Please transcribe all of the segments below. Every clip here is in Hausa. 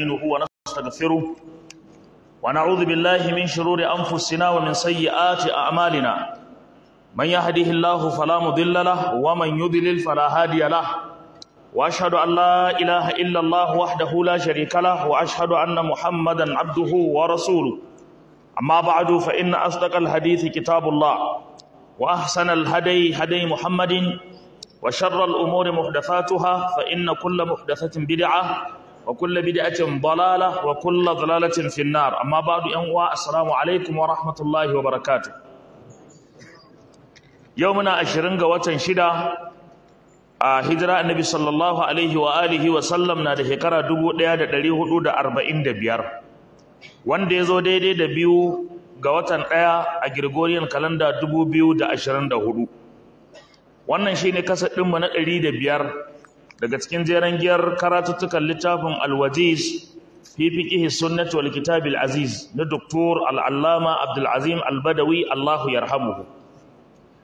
نستعينه ونستغفره ونعوذ بالله من شرور أنفسنا ومن سيئات أعمالنا من يهده الله فلا مضل له ومن يضلل فلا هادي له وأشهد أن لا إله إلا الله وحده لا شريك له وأشهد أن محمدا عبده ورسوله أما بعد فإن أصدق الحديث كتاب الله وأحسن الهدي هدي محمد وشر الأمور محدثاتها فإن كل محدثة بدعة wa kullu bid'atin dalalah wa kullu dalalatin fin nar amma ba'du yan uwa assalamu alaikum wa rahmatullahi wa barakatuh yau muna 20 ga watan shida a hijira annabi sallallahu alaihi wa alihi wa sallam na da shekara 1445 wanda ya zo daidai da biyu ga watan ɗaya a Gregorian kalanda 2024 wannan shine kasar ɗinmu na 105 daga cikin jeren giyar karatuttukan littafin alwajiz fi fiqihi sunnati wal kitabil aziz na doktor al'allama abdulazim albadawi allahu yarhamuhu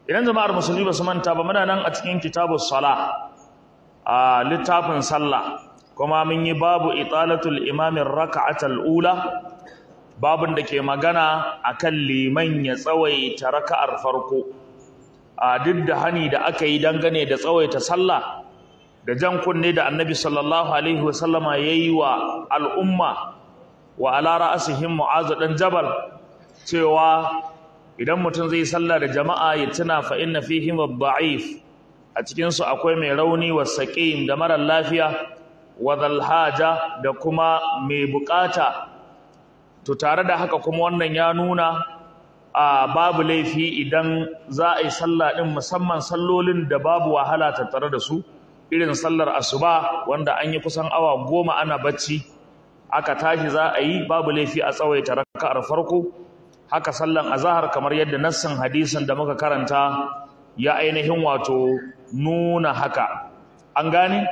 idan jama'ar musulmi ba su manta ba muna nan a cikin kitabu sala a littafin sallah kuma mun yi babu italatul imamin raka'atul ula babin da ke magana kan liman ya tsawaita raka'ar farko a duk da hani da aka yi dangane da tsawaita sallah da jan kunne da annabi sallallahu alaihi wasallama ya yi wa al'umma wa alara asihin mu'azu ɗan jabal cewa idan mutum zai sallah da jama'a ya tuna fa inna fihim ad a cikinsu akwai mai rauni wa saqim da mara lafiya wa haja da kuma mai buƙata, to tare da haka kuma wannan ya nuna a babu laifi idan za a yi sallah din musamman sallolin da babu wahala tattare da su irin sallar asuba wanda an yi kusan awa goma ana bacci aka tashi za a yi babu laifi a tsawaita raka'ar farko haka sallan azahar kamar yadda nassan hadisin da muka karanta ya ainihin wato nuna haka an gane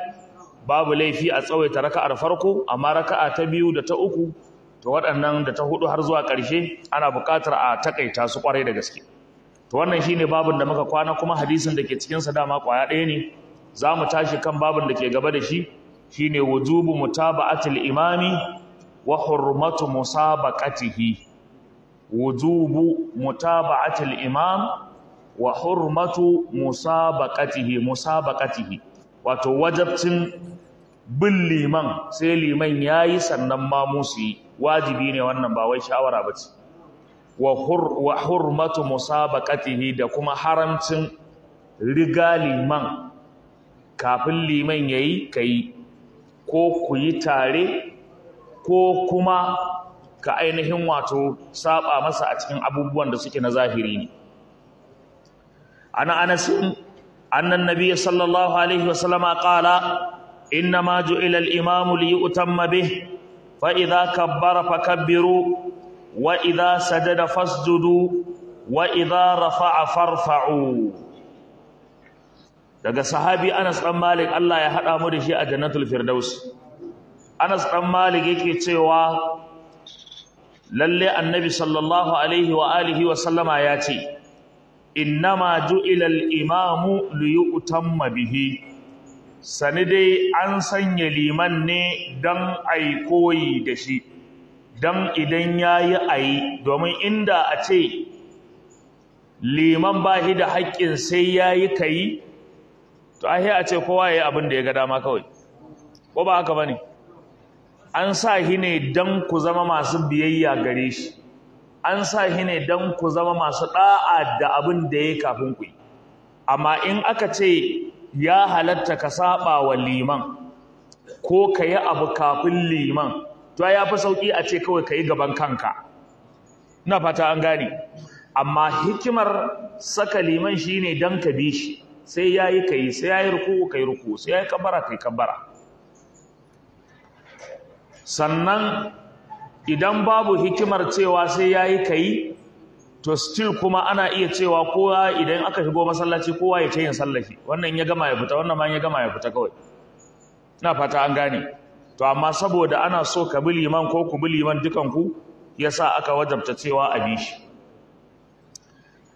babu laifi a tsawaita raka'ar farko amma raka'a ta biyu da ta uku to waɗannan da ta hudu har zuwa ƙarshe ana buƙatar a takaita su kwarai da gaske to wannan shine babin da muka kwana kuma hadisin da ke cikin sa dama ƙwaya ɗaya ne za mu tashi kan babin da ke gaba da shi Shi ne wujubu mutaba'atil imami wa hurmatu musabaqatihi wujubu mutaba'atil imam wa hurmatu musabaqatihi musabaqatihi wato wajabcin bin liman sai liman yayi sannan ma musu wajibi ne wannan ba wai shawara ba bace wa hurmatu musabaqatihi da kuma haramcin riga liman kafin liman ya yi ka yi ko ku yi tare ko kuma ka ainihin wato saba masa a cikin abubuwan da suke na zahiri ne ana anasin annan nabi sallallahu alaihi wasallama kala innama ju'ila al-imamu li yu'tamma bih fa idza kabbara fakabbiru wa idza sajada fasjudu wa idza rafa'a farfa'u daga sahabi Anas ɗan Malik Allah ya hada mu da shi a Jannatul Firdaus Anas ɗan Malik yake cewa lalle annabi sallallahu alaihi wa alihi wa sallama ya ce innama ju'ila al-imamu liyutamma bihi sani dai an sanya liman ne dan ai koyi da shi dan idan yayi ayi domin inda a ce liman shi da haƙƙin sai yayi kai to ai a ce kowa yi abin da ya ga dama kawai ko ba haka bane an sa shi ne dan ku zama masu biyayya gare shi an sa shi ne dan ku zama masu da'a da abin da yi kafin ku amma in aka ce ya halatta ka saba wa liman ko ka yi abu kafin liman to ya fi sauki a ce kawai ka yi gaban kanka na fata an gane amma hikimar saka liman shine dan ka bi shi sai ya yi yi sai ya yi ruku yi ruku sai ya yi kabara yi kabara sannan idan babu hikimar cewa sai ya yi yi to still kuma ana iya cewa kowa idan aka shigo masallaci kowa ya ce yin sallashi wannan ya gama ya fita wannan ma ya gama ya fita kawai na fata an gane to amma saboda ana so ka bi liman ko ku bi liman dukanku yasa aka wajabta cewa a bi shi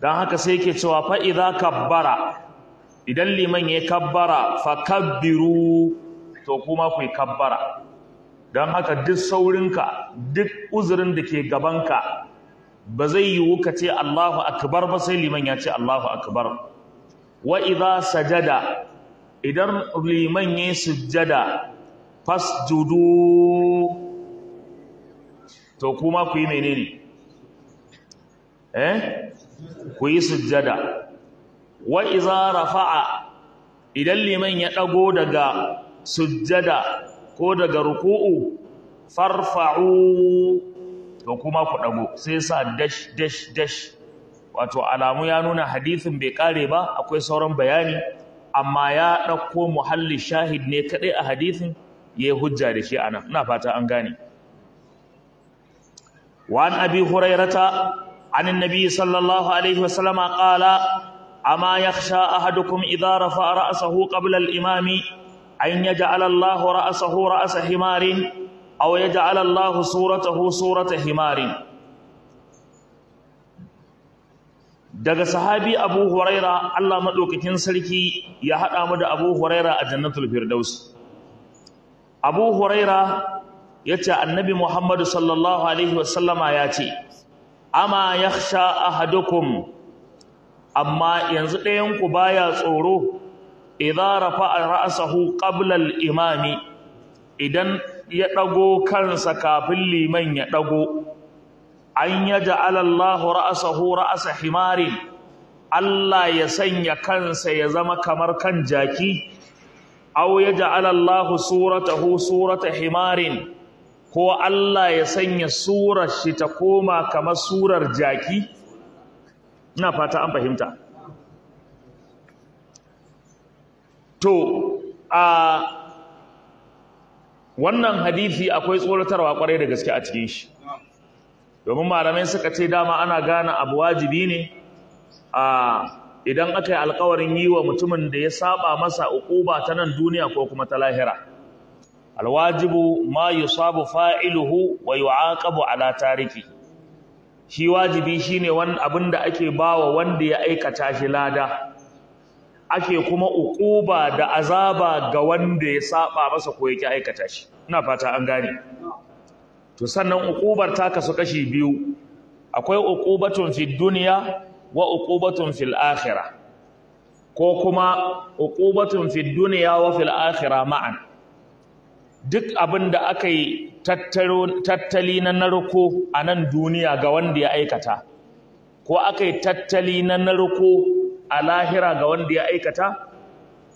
don haka sai yake cewa fa'iza kabbara idan liman ya kabbara fa kabbiru to kuma ku kabbara don haka duk saurinka duk uzurin da ke gabanka ba zai yiwu ka ce Allahu akbar ba sai liman ya ce Allahu akbar wa idza sajada idan liman ya sujjada fasjudu to kuma ku yi menene eh ku yi sujjada wa iza rafa'a idan liman ya ɗago daga sujjada ko daga ruku'u farfa'u to kuma ku ɗago sai sa dash dash dash wato alamu ya nuna hadithin bai kare ba akwai sauran bayani amma ya ɗauko muhalli shahid ne kadai a hadithin ya hujja da shi anan ina fata an gane وعن abi Hurairata, عن النبي صلى الله عليه وسلم قال amma ya sha ahadukum idara fara a sahu ƙablar imami an yă ja'alallahu ra'asahu ra'asa himarin a waya ja'alallahu suratahu surata himarin daga sahabi abu huraira allah maɗaukakin sarki ya haɗa mu da abu huraira a jannatul firdaus abu huraira ya ce annabi muhammadu sallallahu alaihi wasallama ya ce Ama ya sha ahadukum amma yanzu ɗayan ku baya tsoro idza rafa a ra'asahu ƙablar imami idan ya ɗago kansa kafin liman ya ɗago, an alallahu Allahu hu ra'asa himari Allah ya sanya kansa ya zama kamar kan jaki aw yaj'ala Allahu suratahu surata himarin ko Allah ya sanya surar shi ta koma kamar surar jaki ina fata an fahimta to a wannan hadisi akwai tsoratarwa kwarai da gaske a cikin shi domin malamai suka ce dama ana gane abu wajibi ne a idan aka yi alkawarin yi wa mutumin da ya saba masa ukuba ta nan duniya ko kuma ta lahira alwajibu ma yusabu fa'iluhu wa yu'aqabu ala tariki shi wajibi shine wani abin da ake bawa wanda ya aikata shi lada ake kuma ukuba da azaba ga wanda ya saba masa ko yake aikata shi ina fata an gane to sannan ukubar ta kasu kashi biyu akwai ukubatun fi duniya wa ukubatun fil ko kuma ukubatun fi duniya wa fil ma'an duk abin da aka yi tattali na narko a nan duniya ga wanda ya aikata ko aka yi tattali na narko a lahira ga wanda ya aikata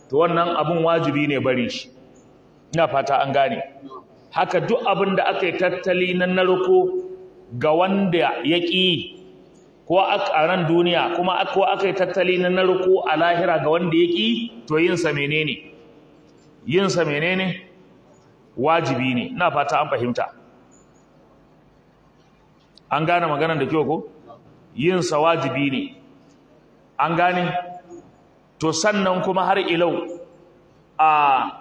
to wannan abin wajibi ne bari shi ina fata an gane haka duk abin da aka yi tattali na narko ga wanda ya ƙi ko a nan duniya kuma ko aka yi tattali na narko a lahira ga wanda ya ƙi to yinsa menene yinsa menene wajibi ne ina fata an fahimta an gane maganar da kyau ko yin wajibi ne an gane to sannan kuma har ilau a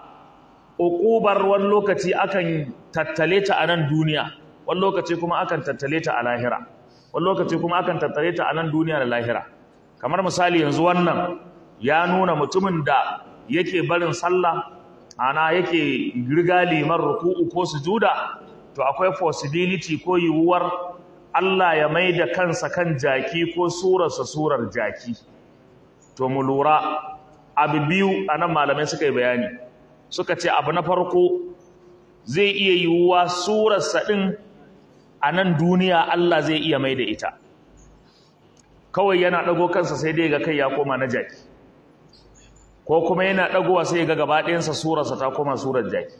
ukubar wani lokaci akan tattale ta a nan duniya wani lokaci kuma akan tattale ta a lahira wani lokaci kuma akan tattale ta a nan duniya da lahira kamar misali yanzu wannan ya nuna mutumin da yake barin sallah ana yake riga liman ruku'u ko sujuda to akwai possibility ko yiwuwar Allah ya mai da kansa kan jaki ko surarsa surar jaki to mu lura abu biyu anan malamai suka yi bayani suka ce abu na farko zai iya yiwuwa surarsa ɗin a nan duniya Allah zai iya mai da ita kawai yana ɗago kansa sai dai ga kai ya koma na jaki ko kuma yana ɗagowa sai ga gaba ɗayansa surarsa ta koma surar jaki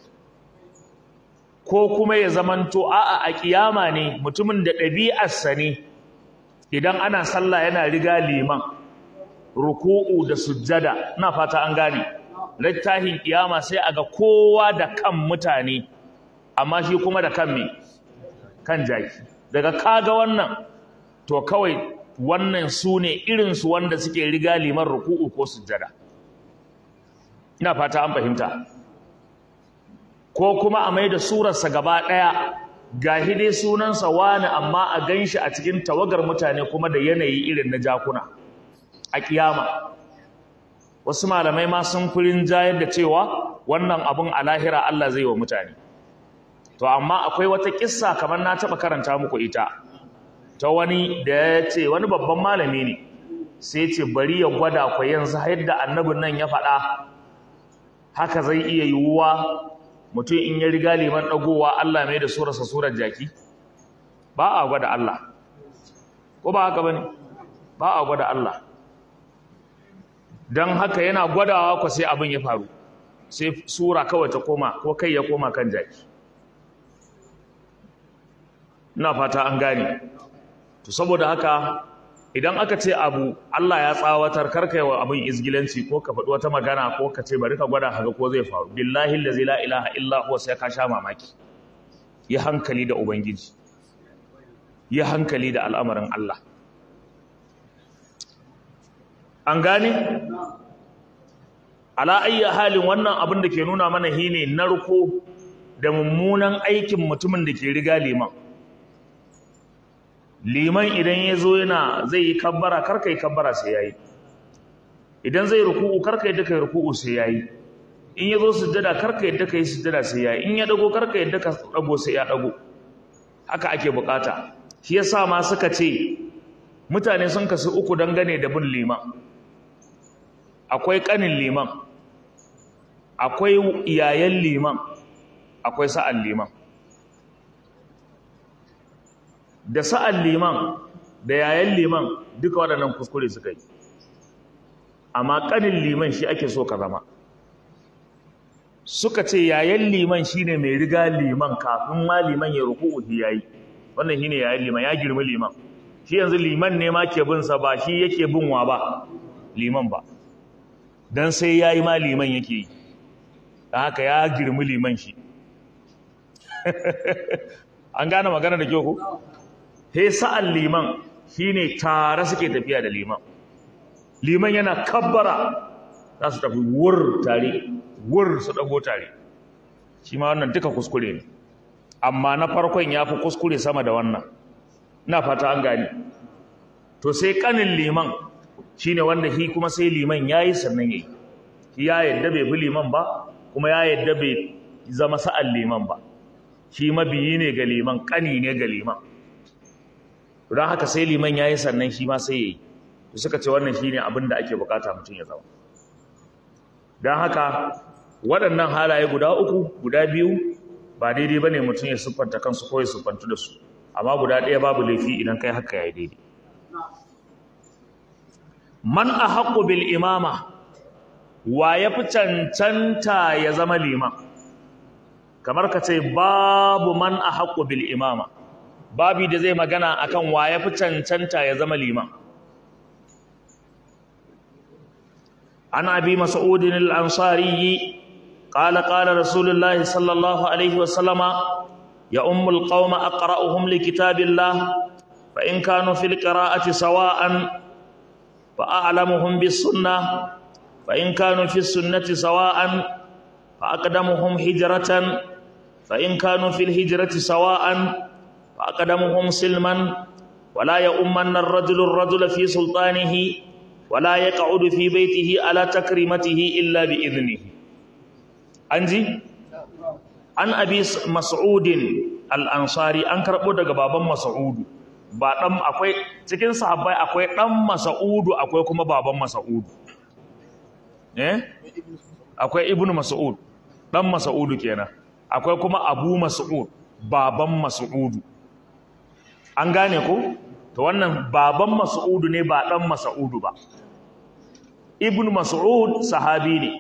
ko kuma ya zamanto a'a a ƙiyama ne mutumin da ɗabi'arsa ne idan ana sallah yana riga liman ruku'u da sujjada na fata an gane littafin ƙiyama sai a ga kowa da kan mutane amma shi kuma da kan me kan jaki daga kaga wannan to kawai wannan su ne irinsu wanda suke riga liman ruku'u ko sujjada ina fata an fahimta ko kuma a mai da surarsa gaba ɗaya ga dai sunansa wani amma a gan shi a cikin tawagar mutane kuma da yanayi irin na jakuna a ƙiyama wasu malamai ma sun kurin jayar da cewa wannan abun a lahira Allah zai wa mutane to amma akwai wata kissa kamar na taɓa karanta muku ita ta wani da ya ce wani babban malami ne sai ce bari ya gwada ku yanzu yadda annabin nan ya faɗa haka zai iya yiwuwa mutum in ya riga liman ɗagowa Allah mai da surarsa surar jaki ba a gwada Allah ko ba haka bane ba a gwada Allah don haka yana gwadawa ko sai abin ya faru sai sura kawai ta koma ko kai ya koma kan jaki ina fata an gane to saboda haka idan aka ce abu Allah ya tsawatar yi wa abin izgilanci ko ka faɗi wata magana ko ka ce bari ka gwada haka ko zai faru billahi allazi la ilaha illa huwa sai ka sha mamaki yi hankali da ubangiji yi hankali da al'amarin Allah an gane ala ayya halin wannan abin da ke nuna mana hine narko da mummunan aikin mutumin da ke riga liman liman idan ya zo yana zai yi kabbara karka yi kabbara sai ya yi idan zai ruku'u karka yadda ka yi ruku'u sai ya yi in ya zo sujjada karka yadda ka yi sujjada sai ya yi in ya dago karka yadda ka dago sai ya dago haka ake bukata shi yasa ma suka ce mutane sun kasu uku dangane da bin liman akwai kanin liman akwai yayan liman akwai sa'an liman da sa'an liman da yayan liman duka waɗannan kuskure suka yi amma ƙanin liman shi ake so ka zama suka ce yayan liman shi ne mai riga liman kafin ma liman ya ya yi, wannan shi ne yayan liman ya girma liman shi yanzu liman ne ma ke bin sa ba shi yake bin wa ba liman ba don sai ya yi ma liman yake yi da haka ya girmi liman shi an gane magana da kyau ku? he sa'an liman shine tare suke tafiya da liman liman yana kabbara za su tafi wur tare wur su dago tare shi ma wannan duka kuskure ne amma na farkon ya fi kuskure sama da wannan na fata an gani to sai kanin liman shine wanda shi kuma sai liman ya yi sannan ya yi. ya yadda bai bi liman ba kuma ya yadda bai zama sa'an liman ba shi mabiyi ne ga liman kani ne ga liman don haka sai liman ya yi sannan shi ma sai ya yi to suka ce wannan shine abin da ake bukata mutum ya zama don haka waɗannan halaye guda uku guda biyu ba daidai ba ne mutum ya siffanta kansu ko ya siffantu da su amma guda ɗaya babu laifi idan kai haka ya yi daidai man a haƙo bil imama wa ya fi cancanta ya zama liman kamar ka ce babu man a haƙo bil imama babi da zai magana akan wa ya fi cancanta ya zama liman an abi mas'udin al ansariyyi qala qala rasulullahi sallallahu alaihi wasallama ya ummul qauma aqra'uhum li kitabillah fa in kanu fil qira'ati sawa'an fa a'lamuhum bis sunnah fa in kanu fis sunnati sawa'an fa aqdamuhum hijratan fa in kanu fil hijrati sawa'an وأقدمهم سلما ولا يؤمن الرجل fi في سلطانه ولا يقعد في بيته على تكريمته إلا بإذنه أنزي an abi mas'udin al-ansari an karɓo daga baban mas'udu cikin sahabbai akwai dan mas'udu akwai kuma baban mas'udu akwai ibnu mas'ud ɗan mas'udu kenan akwai kuma abu mas'ud baban mas'udu an gane ko to wannan baban mas'udu ne ba ɗan mas'udu ba ibnu mas'ud sahabi ne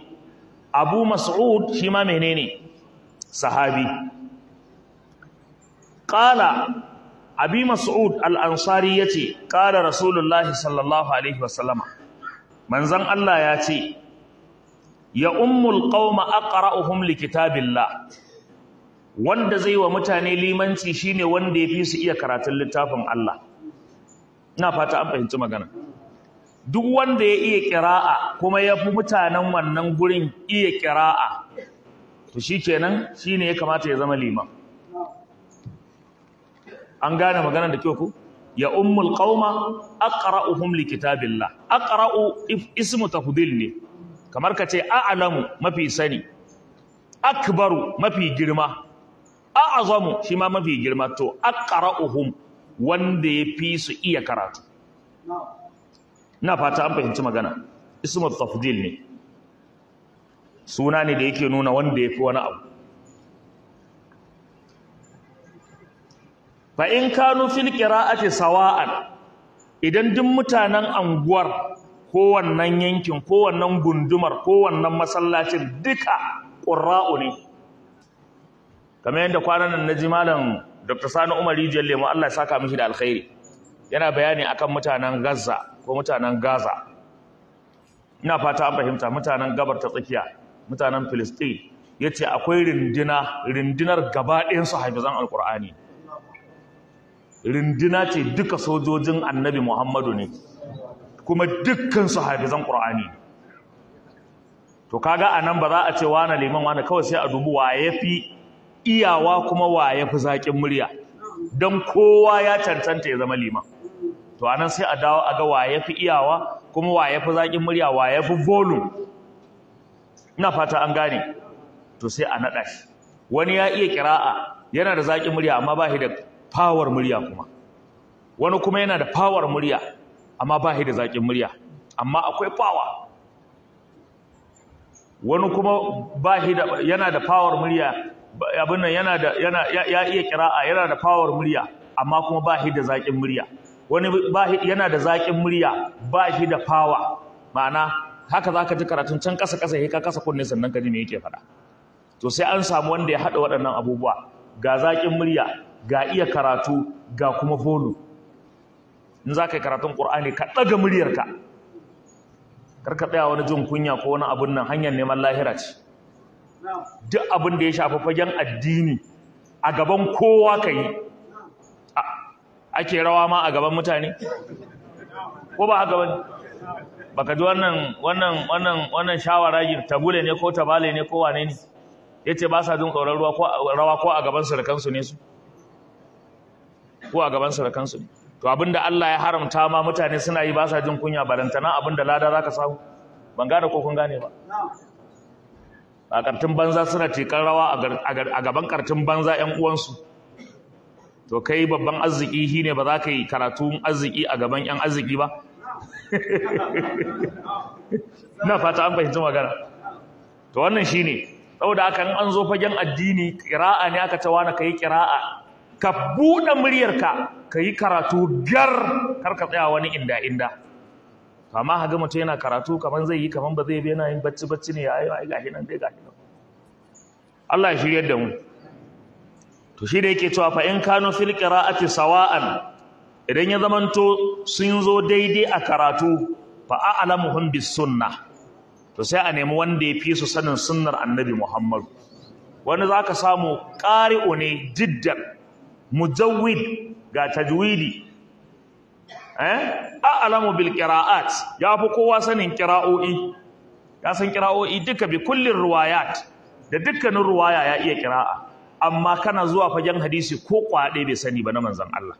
abu mas'ud shi ma menene sahabi qala abi mas'ud al-ansari yace qala rasulullahi sallallahu alaihi wasallama manzon Allah ya ce ya ummul qauma aqra'uhum likitabillah wanda zai wa mutane limanci shine wanda ya fi su iya karatun littafin Allah ina fata an fahimci magana duk wanda ya iya kira'a kuma ya fi mutanen wannan gurin iya kira'a to shikenan shine ya kamata ya zama liman an gane maganar da kyau ku ya ummul qauma aqra'uhum kitabillah aqra'u ismu tafdil ne kamar ka ce a'lamu mafi sani akbaru mafi girma a'azamu shi ma mafi girma to aqra'uhum wanda ya fi su iya karatu na fata an fahimci magana ismu tafdil ne suna ne da yake nuna wanda ya fi wani abu fa in kanu fil qira'ati sawa'an idan duk mutanen anguwar kowannan yankin kowannan gundumar kowannan masallacin duka ƙura'u ne kamar yadda kwanan nan ji malam Dr. Sani Umar Rijiyar lemu, Allah ya saka mishi da alkhairi yana bayani akan mutanen Gaza ko mutanen Gaza ina fata an fahimta mutanen gabar ta tsakiya mutanen Filistin yace akwai rindina rindinar gaba ɗayan su hafizan alkur'ani rindina ce duka sojojin Annabi Muhammadu ne kuma dukkan su hafizan ƙur'ani. to kaga anan ba za a ce wani liman wani kawai sai a dubu wa ya fi iyawa kuma wa ya fi zaƙin murya don kowa ya cancanta ya zama liman to anan sai a dawo a ga wa ya fi iyawa kuma wa ya fi zaƙin murya wa ya fi volume ina fata an gane to sai a naɗa shi wani ya iya ƙira'a yana da zaƙin murya amma ba shi da fawar murya kuma wani kuma yana da fawar murya amma ba shi da zaƙin murya amma akwai fawa wani kuma ba shi da yana da fawar murya abin nan yana da yana ya iya kira'a yana da power murya amma kuma ba shi da zaƙin murya wani ba yana da zakin murya ba shi da power ma'ana haka zaka ji karatun can kasa kasa sai ka kasa kunne sannan ka ji me yake faɗa to sai an samu wanda ya haɗa waɗannan abubuwa ga zakin murya ga iya karatu ga kuma volu in za ka yi karatun ƙur'ani ka ɗaga muryarka kar ka tsaya wani jin kunya ko wani abun nan hanyar neman lahira ce duk abin da ya shafi fagen addini a gaban kowa ka yi ake rawa ma a gaban mutane ko ba haka Ba baka ji wannan shawara yi ta gule ne ko tabale ne ko wane ne Ya ce ba sa jin tsoron rawa ko a gaban surukan ne su ko a gaban surukan su ne to abinda Allah ya haramta ma mutane suna yi ba sa jin kunya barantana abinda lada za ka samu ban gane ko kun gane ba a ƙartin banza suna tekan rawa a gaban ƙartin banza 'yan uwansu to kai babban arziki shi ne ba za ka yi karatun arziki a gaban 'yan arziki ba na fata an fahimci magana to wannan shi ne saboda da in an zo fagen addini ƙira'a ne aka ta wani ka yi ƙira'a ka buɗe muryarka ka yi karatu gar kar ka tsaya wani inda-inda amma haga mutum yana karatu kaman zai yi kaman ba zai bi yana yin bacci bacci ne ayo ai gashi nan dai gashi nan Allah ya shiryar da mu to shi da yake cewa fa in kanu fil qira'ati sawa'an idan ya zamanto sun zo daidai a karatu fa a'lamuhum bis sunna. to sai a nemi wanda ya fi su sanin sunnar annabi Muhammadu wani za ka samu ƙari'u ne jiddan mujawid ga tajwidi eh a'lamu bil qira'at ya fi kowa sanin qira'o'i ya san qira'o'i duka bi kullin riwayat da dukkanin ruwaya ya iya qira'a amma kana zuwa fagen hadisi ko kwade bai sani ba na manzon Allah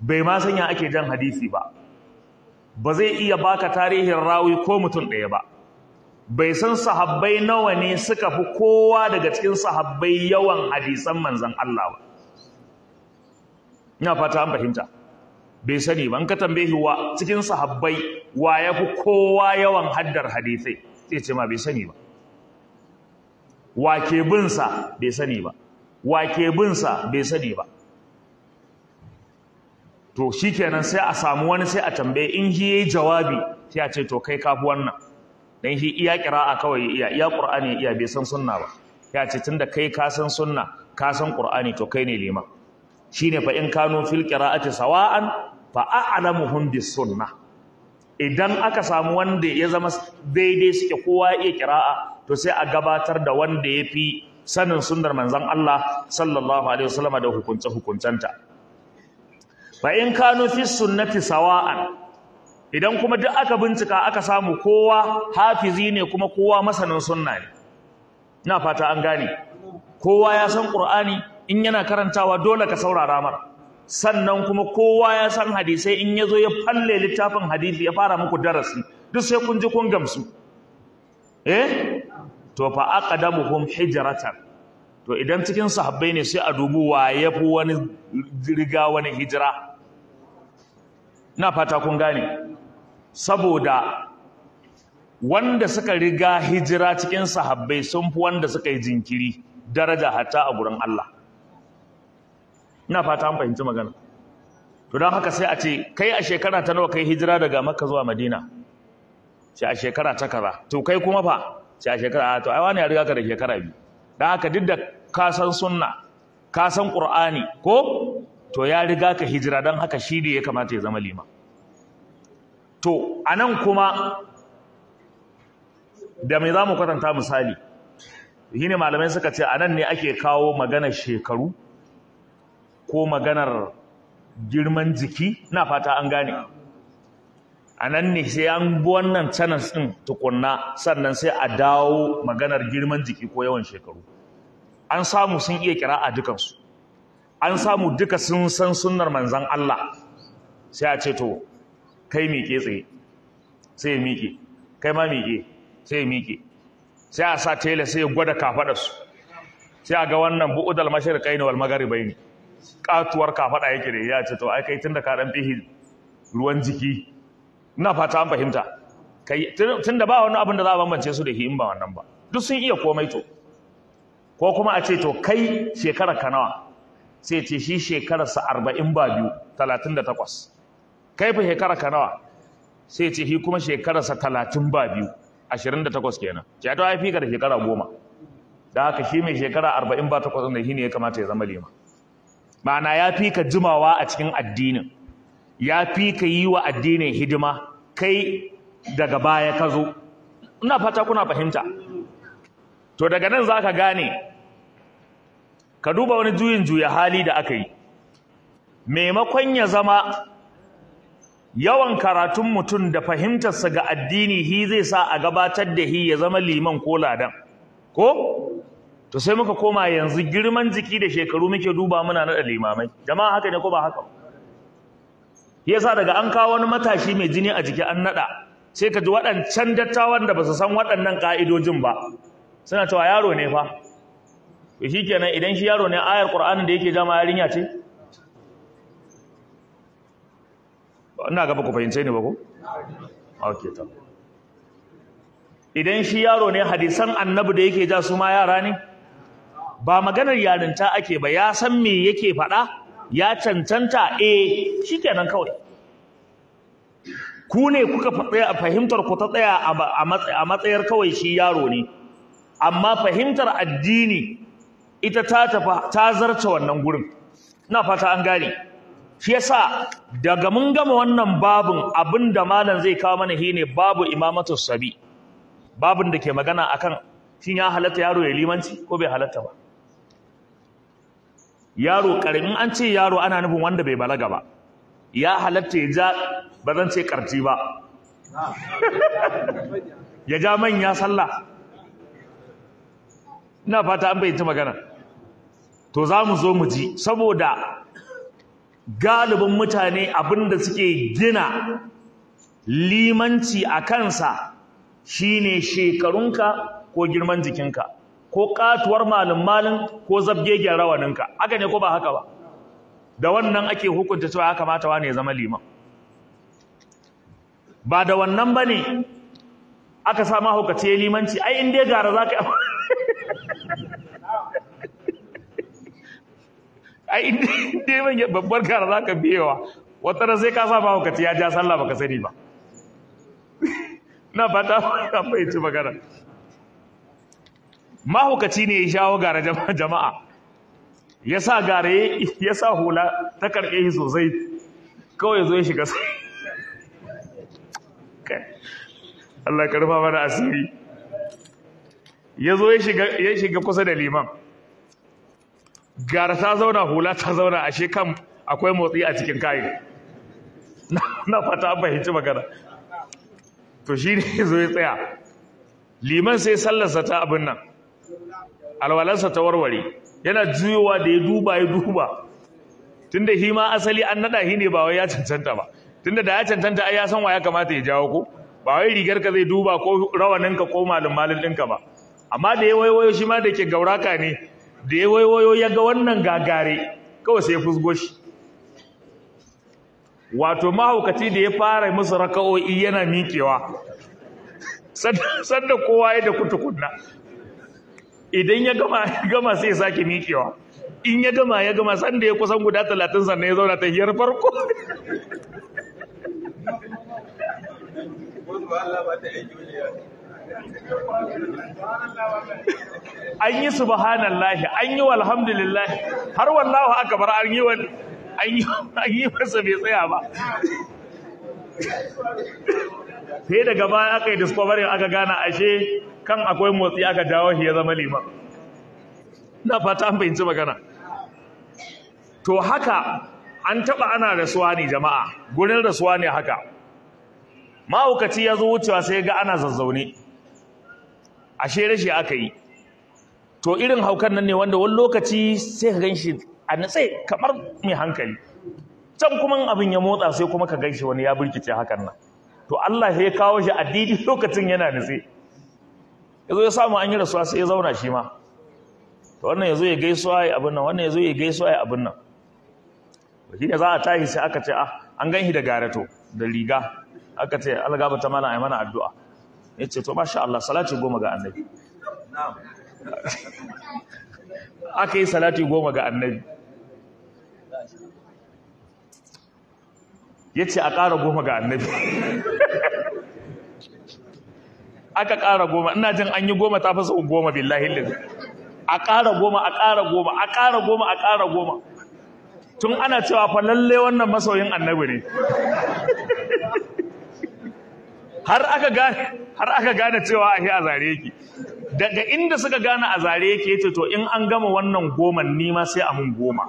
bai ma sanya ake jan hadisi ba ba zai iya baka tarihin rawi ko mutum ɗaya ba bai san sahabbai nawa ne suka fi kowa daga cikin sahabbai yawan hadisan manzon Allah ba ina fata an fahimta bai sani ba in ka tambaye wa cikin sahabbai wa ya fi kowa yawan haddar hadisai sai ce ma bai sani ba wa ke bin sa bai sani ba wa ke bin sa bai sani ba to shikenan sai a samu wani sai a tambaye in shi yayi jawabi sai a ce to kai kafi wannan dan shi iya qira'a kawai iya iya qur'ani iya bai san sunna ba ya ce tunda kai ka san sunna ka san qur'ani to kai ne liman shine fa in kanu fil qira'ati sawa'an fa a'lamuhum bis sunnah idan aka samu wanda ya zama daidai suke kowa ya iya qira'a to sai a gabatar da wanda ya fi sanin sunnar manzon Allah sallallahu alaihi wasallam da hukunce hukuncenta fa in kanu fi sawa'an idan kuma duk aka bincika aka samu kowa hafizi ne kuma kowa masanin sunna ne na fata an gane kowa ya san qur'ani in yana karantawa dole ka saurara mar sannan kuma kowa ya san hadisai in yazo ya falle littafin hadisi ya fara muku darasi duk sai kun ji kun gamsu eh to fa aqdamuhum hijratan to idan cikin sahabbai ne sai a dubu wa yafi wani riga wani hijira na fata kun gane saboda wanda suka riga hijira cikin sahabbai sun fi wanda suka yi jinkiri daraja hatta a gurin Allah ina fata an fahimci magana to don haka sai a ce kai a shekara ta nawa kai hijira daga makka zuwa madina sai a shekara ta kaza to kai kuma fa sai a shekara to ai wani ya riga ka da shekara biyu don haka duk da ka san sunna ka san qur'ani ko to ya riga ka hijira don haka shi ne ya kamata ya zama lima to anan kuma da me za mu kwatanta misali shi ne malamai suka ce anan ne ake kawo magana shekaru ko maganar girman jiki na fata an gane a nan ne sai an bi wannan channels ɗin tukunna sannan sai a dawo maganar girman jiki ko yawan shekaru an samu sun iya kira a dukansu an samu duka sun san sunnar manzan Allah sai a ce to kai miƙe tsaye sai ya miƙe kai ma miƙe sai ya miƙe sai a sa tele sai ya gwada kafaɗarsu sai a ga wannan bu'udal mashirƙai ne wal magaribai ne katuwar kafada yake da ya ce to ai kai tunda ka dan fihi ruwan jiki ina fata an fahimta kai tunda ba wani abin da za a bambance su da shi in ba wannan ba duk sun iya komai to ko kuma a ce to kai shekarar ka nawa sai ce shi sa arba'in ba biyu talatin da takwas kai fa shekarar ka nawa sai ce shi kuma sa talatin ba biyu ashirin da takwas kenan ya to ai fi da shekara goma da haka shi mai shekara arba'in ba takwas ɗin da shi ne ya kamata ya zama lima ma'ana ya fi ka jimawa a cikin addinin ya fi ka yi wa addinin hidima kai daga baya ka zo ina fata kuna fahimta to daga nan za ka gane ka duba wani juyin juya hali da aka yi maimakon ya zama yawan karatun mutum da fahimtarsa ga addini hi zai sa a gabatar da hi ya zama liman ko ladan ko to sai muka koma yanzu girman jiki da shekaru muke duba muna naɗa limamai jama'a haka ne ko ba haka yasa daga an kawo wani matashi mai jini a jiki an naɗa sai ka ji waɗancan dattawan da ba su san waɗannan ƙa'idojin ba suna cewa yaro ne fa to shikenan idan shi yaro ne ayar Qur'ani da yake jama'a yarinya ce ina ga ku fahimce ni ba ko okay to idan shi yaro ne hadisan annabi da yake ja su ma yara ne ba maganar yarinta ake ba ya san me yake faɗa ya cancanta eh shikenan kawai ku ne kuka fahimtar ku ta tsaya a matsayar kawai shi yaro ne amma fahimtar addini ita ta tafa ta zarce wannan gurin ina fata an gane shi yasa daga mun gama wannan babun abinda malam zai kawo mana shine babu imamatu sabi babun da ke magana akan shin ya halatta yaro ya limanci ko bai halatta ba yaro karamin an ce yaro ana nufin wanda bai balaga ba ya halatta ya ja ba zan ce karti ba ya ja manya sallah ina fata an bayyanta magana to za mu zo mu ji saboda galibin mutane abinda suke gina limanci a kansa shine shekarunka ko girman jikinka ko katuwar malin malin ko zabgegen rawaninka haka ne ko ba haka ba da wannan ake hukunta cewa ya kamata wane ya zama liman ba da wannan ba ne aka sa mahaukaci ya limanci ai Inde gara za ka ai Inde dai manya babbar gara za ka biyewa wata da sai ka sa mahaukaci ya ja sallah baka sani ba na fata ba ya ci magana mahukaci ne ya shawo gara jama'a ya sa gare ya sa hula ta karɓe shi sosai kawai zo ya shiga sai Allah karfa mana asiri ya zo ya shiga kusa da liman gara ta zauna hula ta zauna ashe kan akwai motsi a cikin kayi na fata an fahimci magana to shi ne zo ya tsaya liman sai sallarsa ta abin nan alwalansa ta warware yana juyowa da ya duba ya duba tunda shi asali an nada shi ne ba wai ya cancanta ba tunda da ya cancanta ai ya san wa ya kamata ya jawo ko ba wai rigar ka zai duba ko rawaninka ko malum malin ɗinka ba amma da ya waiwayo shi ma da ke gauraka ne da ya waiwayo ya ga wannan gagare kawai sai ya fusgo shi wato mahaukaci da ya fara musu raka'o'i yana miƙewa sanda kowa ya da kutukunna idan ya gama gama sai ya sake miƙewa in ya gama ya gama sanda ya kusan guda talatin sannan ya zauna ta hiyar farko an yi subhanallahi an yi walhamdulillah. har wallahu bar an yi wa, an yi masa bai tsaya ba sai daga baya aka yi discovery aka gana ashe kan akwai motsi aka jawo shi ya zama liman na fata an fahimci magana to haka an taba ana rasuwa ne jama'a gurin rasuwa ne haka mahaukaci ya zo wucewa sai ga ana zazzaune ashe rashi aka yi to irin haukan nan ne wanda wani lokaci sai ka gan shi a natse kamar mai hankali can kuma abin ya motsa sai kuma ka gan wani ya birkice hakan nan to Allah ya kawo shi a didi lokacin yana nutse yazo ya samu an yi rasuwa sai ya zauna shi ma to wannan yazo ya gaisuwa ya abin nan wannan yazo ya gaisuwa ya abin nan shi ne za a tashi sai aka ce ah an ganshi da garato da riga aka ce Allah gaba ta mana ai mana addu'a yace to masha Allah salati goma ga annabi aka yi salati goma ga annabi ya ce a ƙara goma ga annabi aka ƙara goma ina jin an yi goma ta fasa goma billahi lillahi a ƙara goma a ƙara goma a ƙara goma a ƙara goma tun ana cewa fa lalle wannan masoyin annabi ne har aka gane cewa a a zare yake daga inda suka gane a zare yake ce to in an gama wannan goman nima ma sai a mun goma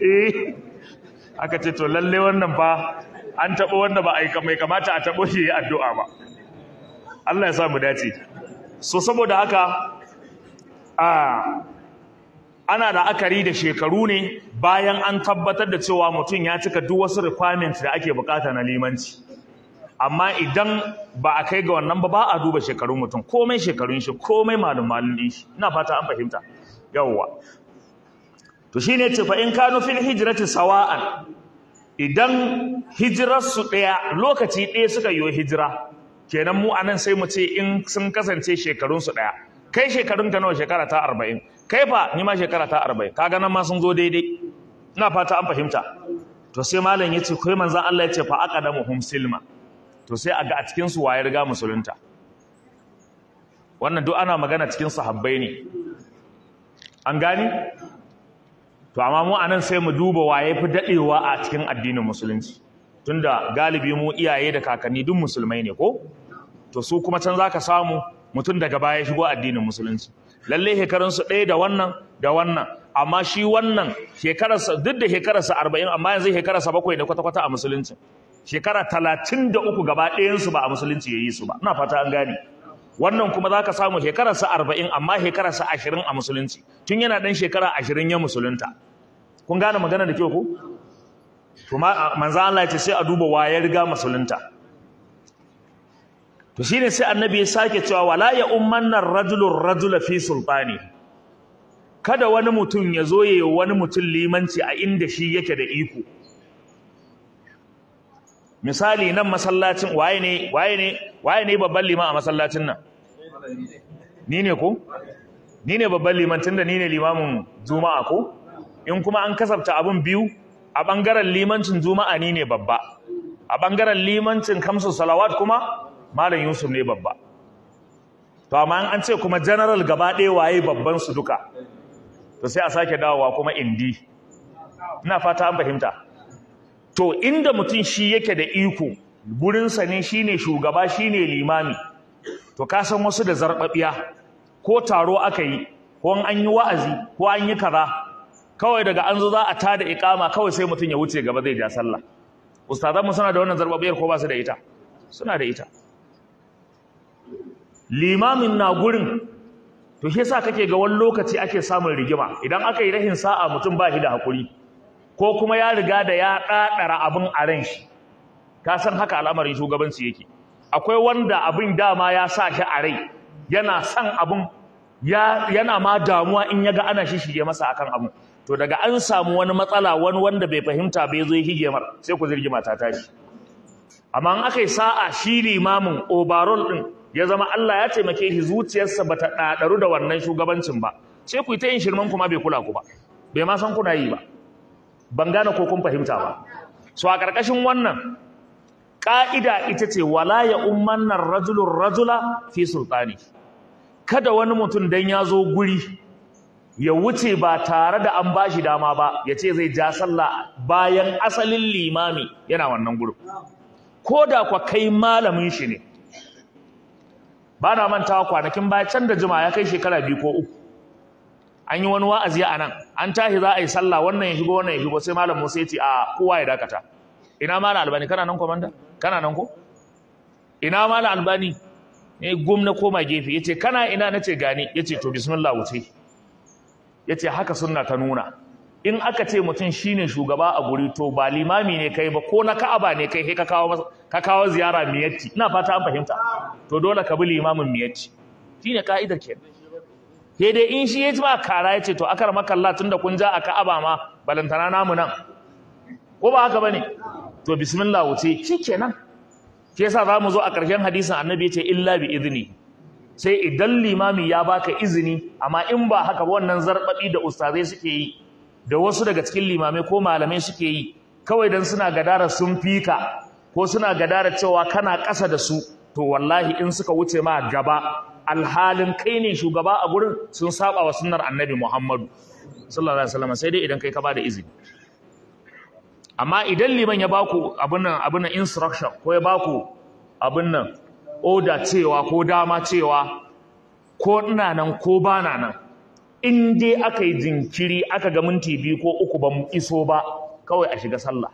eh aka ce to lalle wannan fa an tabo wanda ba aika mai kamata a taɓo shi addu'a ba Allah ya sa mu dace so saboda haka a ana da akari da shekaru ne bayan an tabbatar da cewa mutum ya cika duk wasu requirements da ake bukata na limanci amma idan ba a kai ga wannan ba ba a duba shekarun mutum komai shekarun shi komai malum malum shi ina fata an fahimta yawwa to shine ce fa in kanu fil hijrati sawa'an idan hijirarsu ɗaya lokaci ɗaya suka yi hijira kenan mu anan sai mu ce in sun kasance shekarunsu ɗaya kai shekarun ka nawa shekara ta arba'in kai fa ni ma shekara ta arba'in kaga nan ma sun zo daidai ina fata an fahimta to sai malam ya ce kai manzon Allah ya ce fa aqadamu hum silma to sai a ga a cikin su waye riga musulunta wannan duk ana magana cikin sahabbai ne an gani to amma mu anan sai mu duba waye fi dadewa a cikin addinin musulunci tunda galibi mu iyaye da kakanni duk musulmai ne ko to su kuma can zaka samu mutum daga baya shigo addinin musulunci lalle shekarun su ɗaya da wannan da wannan amma shi wannan shekararsa duk da shekararsa arba'in amma yanzu shekararsa bakwai ne kwata-kwata a musulunci shekara talatin da uku su ba a musulunci ya yi su ba ina fata an gane wannan kuma za ka samu shekararsa arba'in amma shekararsa ashirin a musulunci tun yana ɗan shekara ashirin ya musulunta kun gane magana da kyau ku? kuma manza Allah ce sai a duba wa ya riga musulunta to shi ne sai annabi ya sake cewa wala ya ummanna rajulun rajula fi sultani kada wani mutum ya zo yayi wani mutum limanci a inda shi yake da iko misali nan masallacin waye ne waye ne waye ne babban liman a masallacin nan ni ne ko ni ne babban liman tunda ni ne limamin juma'a ko in kuma an kasafta abun biyu a bangaren limancin juma'a ni ne babba a bangaren limancin kamsu salawat kuma malam yusuf ne babba to amma an ce kuma general gaba ɗaya waye babban su duka to sai a sake dawowa kuma indi ina fata an fahimta to inda mutum shi yake da iko gurinsa ne shine shugaba shine limami to ka san wasu da zarɓaɓiya ko taro aka yi ko an yi wa'azi ko an yi kaza kawai daga an zo za a tada iƙama kawai sai mutum ya wuce gaba zai ja sallah ustazanmu suna da wannan zarɓaɓiyar ko ba su da ita suna da ita limamin na gurin to shi yasa kake ga wani lokaci ake samun rigima idan aka yi rahin sa'a mutum ba shi da hakuri ko kuma ya riga da ya ɗaɗara abin a ran shi ka san haka al'amarin shugabanci yake akwai wanda abin dama ya sa shi a rai yana san abin yana ma damuwa in ya ga ana shige masa akan abin to daga an samu wani matsala wani wanda bai fahimta bai zo hige mar sai ku zirgi mata tashi amma in aka yi sa'a shi limamin obarol din ya zama Allah ya taimake shi zuciyarsa ta ɗaɗaru da wannan shugabancin ba sai ku yi ta yin shirman kuma bai kula ku ba bai ma san kuna yi ba ban gane ko kun fahimta ba so a ƙarƙashin wannan ƙa'ida ita ce wala ya ummanar rajulun rajula fi sultani kada wani mutum dan ya zo guri ya wuce ba tare da an bashi dama ba ya ce zai ja sallah bayan asalin limami yana wannan gurin ko da kwa kai malamin shi ne ba na manta kwanakin baya can da juma ya kai shekara biyu ko uku an yi wani wa'azi a nan an tashi za a yi sallah wannan ya shigo wannan ya shigo sai malam Musa ya ce a kowa ya dakata ina na albani kana nan komanda kana nan ko ina eh, na albani ne gumna koma gefe ce kana ina na ce gani ce to bismillah wuce Ya ce haka sunna ta nuna in aka ce mutum shine shugaba a guri to ba limami ne kai ba ko na Ka'aba ne kai sai ka kawo ziyara miyatti ina fata an fahimta to dole ka bi limamin miyatti shine ka'idar kenan sai dai in shi ya ji ba kara ya ce to akar makalla tun da kun ja a ka'aba ma balantana namu nan ko ba haka ba ne? to bismillah wuce shi ke nan. shi yasa za mu zo a ƙarshen hadisin annabi ya ce illa bi izini sai idan limami ya baka izini amma in ba haka wannan zarbabi da ustazai suke yi da wasu daga cikin limamai ko malamai suke yi kawai dan suna gadara sun fika ko suna gadara cewa kana ƙasa da su to wallahi in suka wuce ma gaba alhalin kai ne shugaba a gurin sun saba wa sunnar annabi Muhammadu sallallahu alaihi wasallam sai dai idan kai ka bada izini amma idan liman ya baku abin nan abin nan instruction ko ya baku abin nan order cewa ko dama cewa ko ina nan ko bana nan in dai aka yi jinkiri aka ga minti biyu ko uku ba mu iso ba kawai a shiga sallah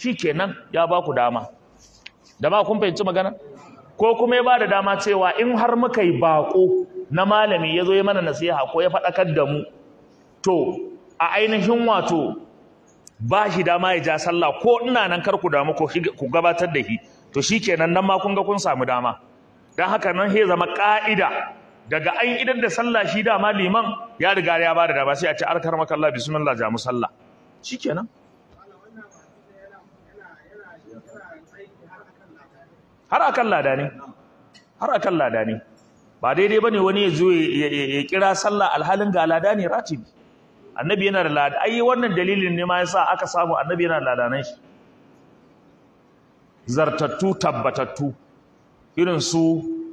shikenan ya baku dama da ba kun fahimci magana ko kuma ya ba da dama cewa in har muka yi baƙo na malami ya zo ya mana nasiha ko ya faɗakar da mu to a ainihin wato ba shi dama ya ja sallah ko ina nan kar ku damu ku gabatar da shi to shikenan nan ma kun ga kun samu dama dan haka nan he zama ka'ida daga an idan da sallah shi dama liman ya riga ya bada dama sai a ci arkar makalla bismillah ja mu sallah shikenan har akan lada ne har akan lada ne ba daidai bane wani ya zo ya kira sallah alhalin ga lada ne ratibi annabi yana da lada ai wannan dalilin ne ma yasa aka samu annabi yana da ladanan shi zartattu tabbatattu irin su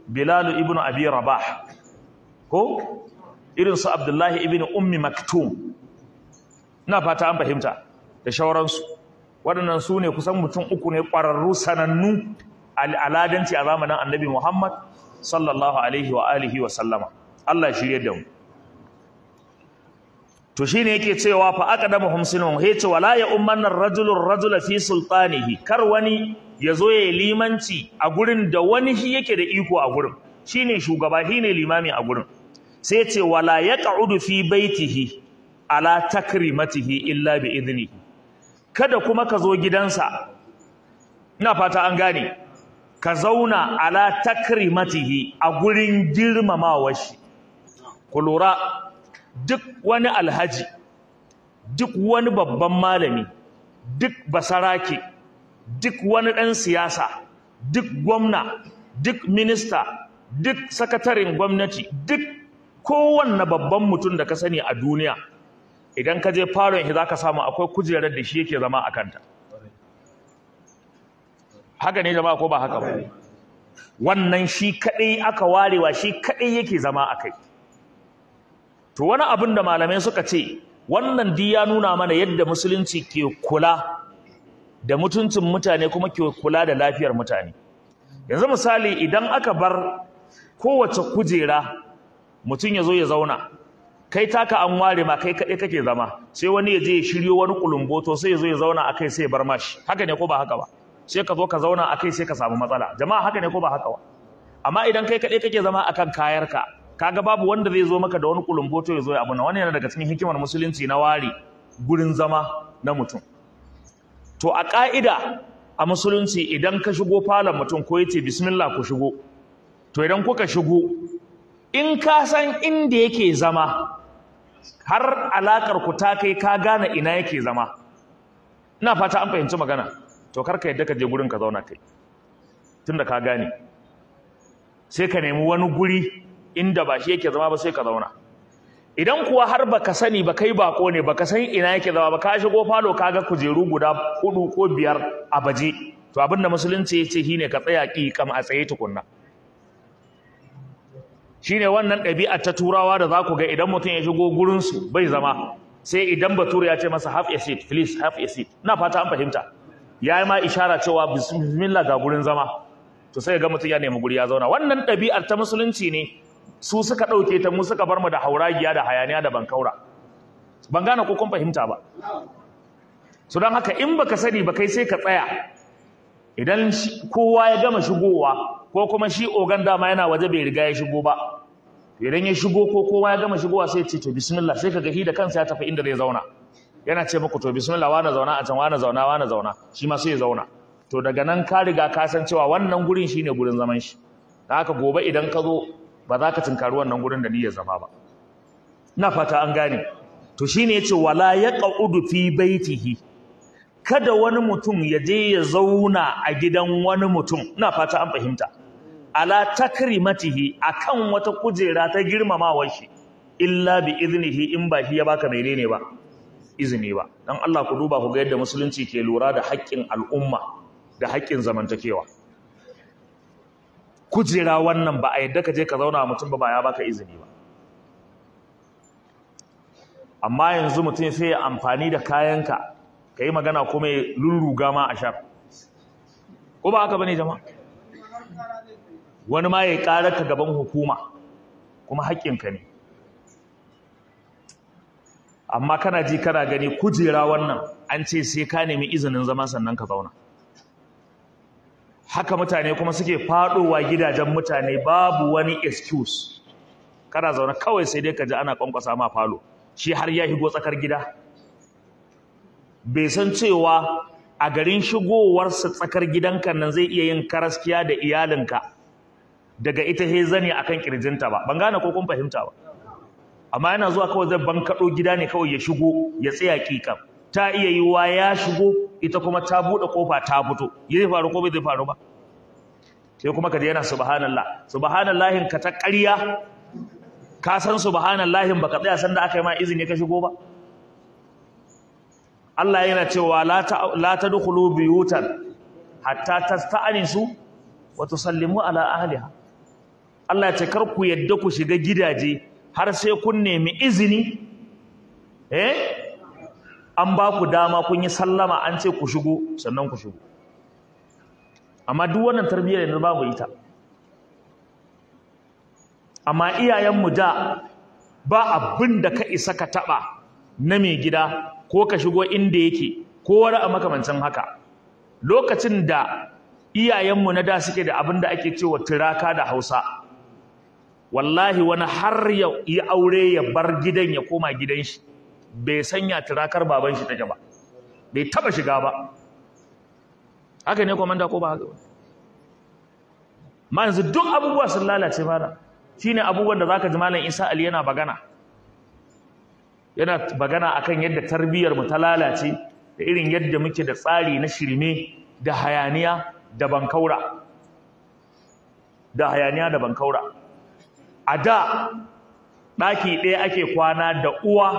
Bilal ibn Abi Rabah ko irin su Abdullahi ibn Ummi Maktum ina fata an fahimta da shauransu waɗannan su ne kusan mutum uku ne ƙwararru sanannu aladanci a zamanin annabi Muhammad sallallahu alaihi wa alihi wa sallama Allah shirye da mu to shine yake cewa fa aka humsinun he ce wala ya ummanna rajulun rajulu rajula fi sultanihi kar wani yazo ya limanci a gurin da wani shi yake da iko a gurin shine shugaba shine limami a gurin sai ce wala ka'udu fi baitihi ala takrimatihi illa bi idnihi kada kuma ka zo gidansa ina fata an gane ka zauna ala takrimatihi a gurin girmamawar shi ku lura duk wani alhaji duk wani babban malami duk basarake duk wani ɗan siyasa duk gwamna duk minista duk sakatarin gwamnati duk kowanne babban mutum da ka sani a duniya idan ka je faron shi za ka samu akwai kujerar da shi yake zama a kanta haka ne jama'a ko ba haka ba wannan shi kadai aka warewa shi kadai yake zama akai to wani abin da malamai suka ce wannan di ya nuna mana yadda musulunci ke kula da mutuncin mutane kuma ke kula da lafiyar mutane yanzu misali idan aka bar kowace kujera mutum ya zo ya zauna kai taka an ware ma kai kaɗai kake zama sai wani ya je ya shiryo wani kulumboto sai ya zo ya zauna a kai sai ya bar mashi haka ne ko ba haka ba sai ka zo ka zauna a kai sai ka samu matsala jama'a haka ne ko ba haka ba amma idan kai kaɗai kake zama akan kayarka kaga babu wanda zai zo maka da wani kulumboto ya zo ya abuna wani yana daga cikin hikimar musulunci na ware gurin zama na mutum to a ƙa'ida a musulunci idan ka shigo falon mutum ko yace bismillah ku shigo to idan kuka shigo in ka san inda yake zama har alakar ku ta kai ka gane ina yake zama ina fata an fahimci magana to karka yadda ka je gurin ka zauna kai tun da ka gane sai ka nemi wani guri inda ba shi yake zama ba sai ka zauna idan kuwa har baka sani ba kai bako ne baka san ina yake zama ba ka shigo falo ka ga kujeru guda hudu ko biyar a baje to abin da musulunci ya ce shine ka tsaya ki kam a tsaye tukunna shine wannan ɗabi'a ta turawa da za ku ga idan mutum ya shigo gurinsu bai zama sai idan bature ya ce masa half a seat please half a seat na fata an fahimta ya yi ma ishara cewa bismillah ga gurin zama to sai ga mutum ya nemi guri ya zauna wannan ɗabi'ar ta musulunci ne su suka ɗauke ta mu suka bar mu da hauragiya da hayaniya da bankaura ban gane ko kun fahimta ba su don haka in baka sani ba kai sai ka tsaya idan kowa ya gama shigowa ko kuma shi ogan dama yana waje bai riga ya shigo ba idan ya shigo ko kowa ya gama shigowa sai ce to bismillah sai ka gahi da kansa ya tafi inda zai zauna yana ce muku to bismillah wani zauna a can wani zauna wani zauna shi ma sai ya zauna to daga nan ka riga ka san cewa wannan gurin shine gurin zaman shi da haka gobe idan ka zo ba za ka tunkari wannan gurin da ni ya zama ba ina fata an gane to shine yace wala yaqudu fi baitihi kada wani mutum ya je ya zauna a gidan wani mutum ina fata an fahimta ala takrimatihi akan wata kujera ta girmamawar shi illa bi idnihi in ba shi ya baka menene ba izini ba don Allah ku duba ku ga yadda musulunci ke lura da haƙƙin al'umma da haƙƙin zamantakewa kujera wannan ba a yadda ka je ka zauna mutum ba ba ya baka izini ba amma yanzu mutum sai ya amfani da kayanka ka yi magana kuma ya lulluga ma a shar ko ba haka bane jama'a wani ma ya ƙara ka gaban hukuma kuma haƙƙinka ne amma kana ji kana gani kujera wannan an ce sai ka nemi izinin zama sannan ka zauna haka mutane kuma suke faɗowa gidajen mutane babu wani excuse kana zauna kawai sai dai ka ji ana kwankwasa ma falo shi har ya higo tsakar gida bai san cewa a garin shigowarsa tsakar gidanka nan zai iya yin karaskiya da iyalinka daga ita he akan kirjinta ba ban gane ko kun fahimta ba amma yana zuwa kawai zai bankaɗo gida ne kawai ya shigo ya tsaya kika ta iya yi wa ya shigo ita kuma ta buɗe kofa ta fito zai faru ko bai zai faru ba sai kuma ka je yana subhanallah subhanallahin ka ta ƙarya ka san subhanallahin baka tsaya san da aka yi ma izini ka shigo ba Allah yana cewa la ta tadkhulu biyutan hatta tasta'nisu wa tusallimu ala ahliha Allah ya ce kar ku yadda ku shiga gidaje har sai kun nemi izini eh an ba ku dama kun yi sallama an ce ku shigo sannan ku shigo amma duk wannan tarbiyyar yanzu babu ita amma iyayenmu da ba abin da ka isa ka taɓa na mai gida ko ka shigo inda yake ko wani a makamancin haka lokacin da iyayenmu na da suke da abin da ake cewa turaka da hausa wallahi wani har ya aure ya bar gidan ya koma gidan shi bai sanya turakar baban shi ta ba bai taba shiga ba haka ne komanda ko ba haka ba manzu duk abubuwa sun lalace mana ne abubuwan da zaka ji malam Isa Ali yana bagana yana bagana akan yadda tarbiyyar mu ta lalace da irin yadda muke da tsari na shirme da hayaniya da bankaura da hayaniya da bankaura a da ɗaki ɗaya ake kwana da uwa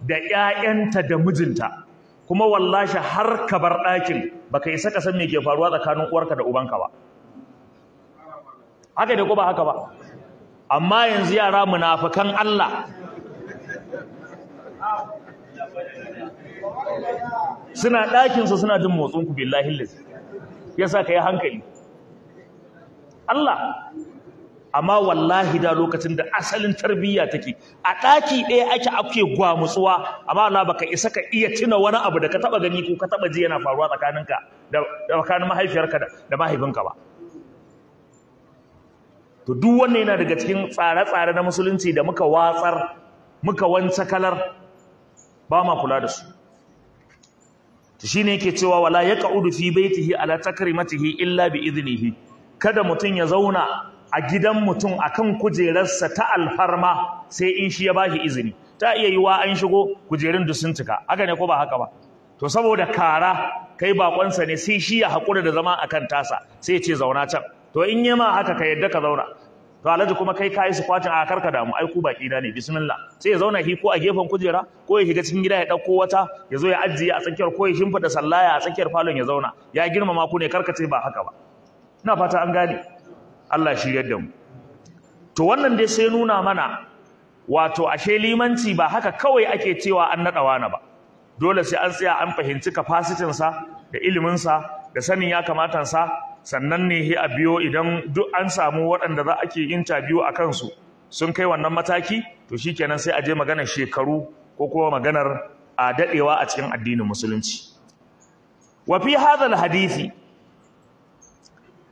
da 'ya'yanta da mijinta kuma wallashi har ka bar ɗakin ka yi saka san me ke faruwa tsakanin uwarka da ubanka ba haka da ba haka ba amma yanzu yara munafukan Allah suna ɗakinsa suna jin motsinku billahi ya yasa ka yi hankali Allah amma wallahi da lokacin da asalin tarbiyya take a ɗaki ɗaya ake ake gwamutsuwa amma Allah baka isa ka iya tuna wani abu da ka taba gani ko ka taba ji yana faruwa tsakaninka da tsakanin mahaifiyarka da mahaifinka ba to duk wannan yana daga cikin tsare-tsare na musulunci da muka watsar muka wanca kalar ba ma kula da su to shine yake cewa wala yaqudu fi baitihi ala takrimatihi illa bi idnihi kada mutun ya zauna a gidan mutum a kan kujerarsa ta alfarma sai in shi ya bashi izini ta iya yiwuwa an shigo kujerun da sun cika haka ne ko ba haka ba to saboda kara kai bakonsa ne sai shi ya haƙura da zama akan tasa sai ya ce zauna can to in yi ma haka ka yadda ka zauna to alhaji kuma kai kayi kwacin a karka damu ai ku baki na ne bismillah sai ya zauna shi ko a gefen kujera ko ya shiga cikin gida ya dauko wata ya zo ya ajiye a tsakiyar ko ya shimfida sallaya a tsakiyar falon ya zauna ya girmama ku ne karka ce ba haka ba ina fata an gane Allah shiryar da mu to wannan dai sai nuna mana wato ashe limanci ba haka kawai ake cewa an naɗa wani ba dole sai an tsaya an fahimci sa da iliminsa da sanin ya sa sannan ne a biyo idan duk an samu waɗanda za ake biyu a kansu sun kai wannan mataki to shi kenan sai a je maganar shekaru ko kuma maganar a daɗewa a cikin addinin musulunci wa fi hadha hadisi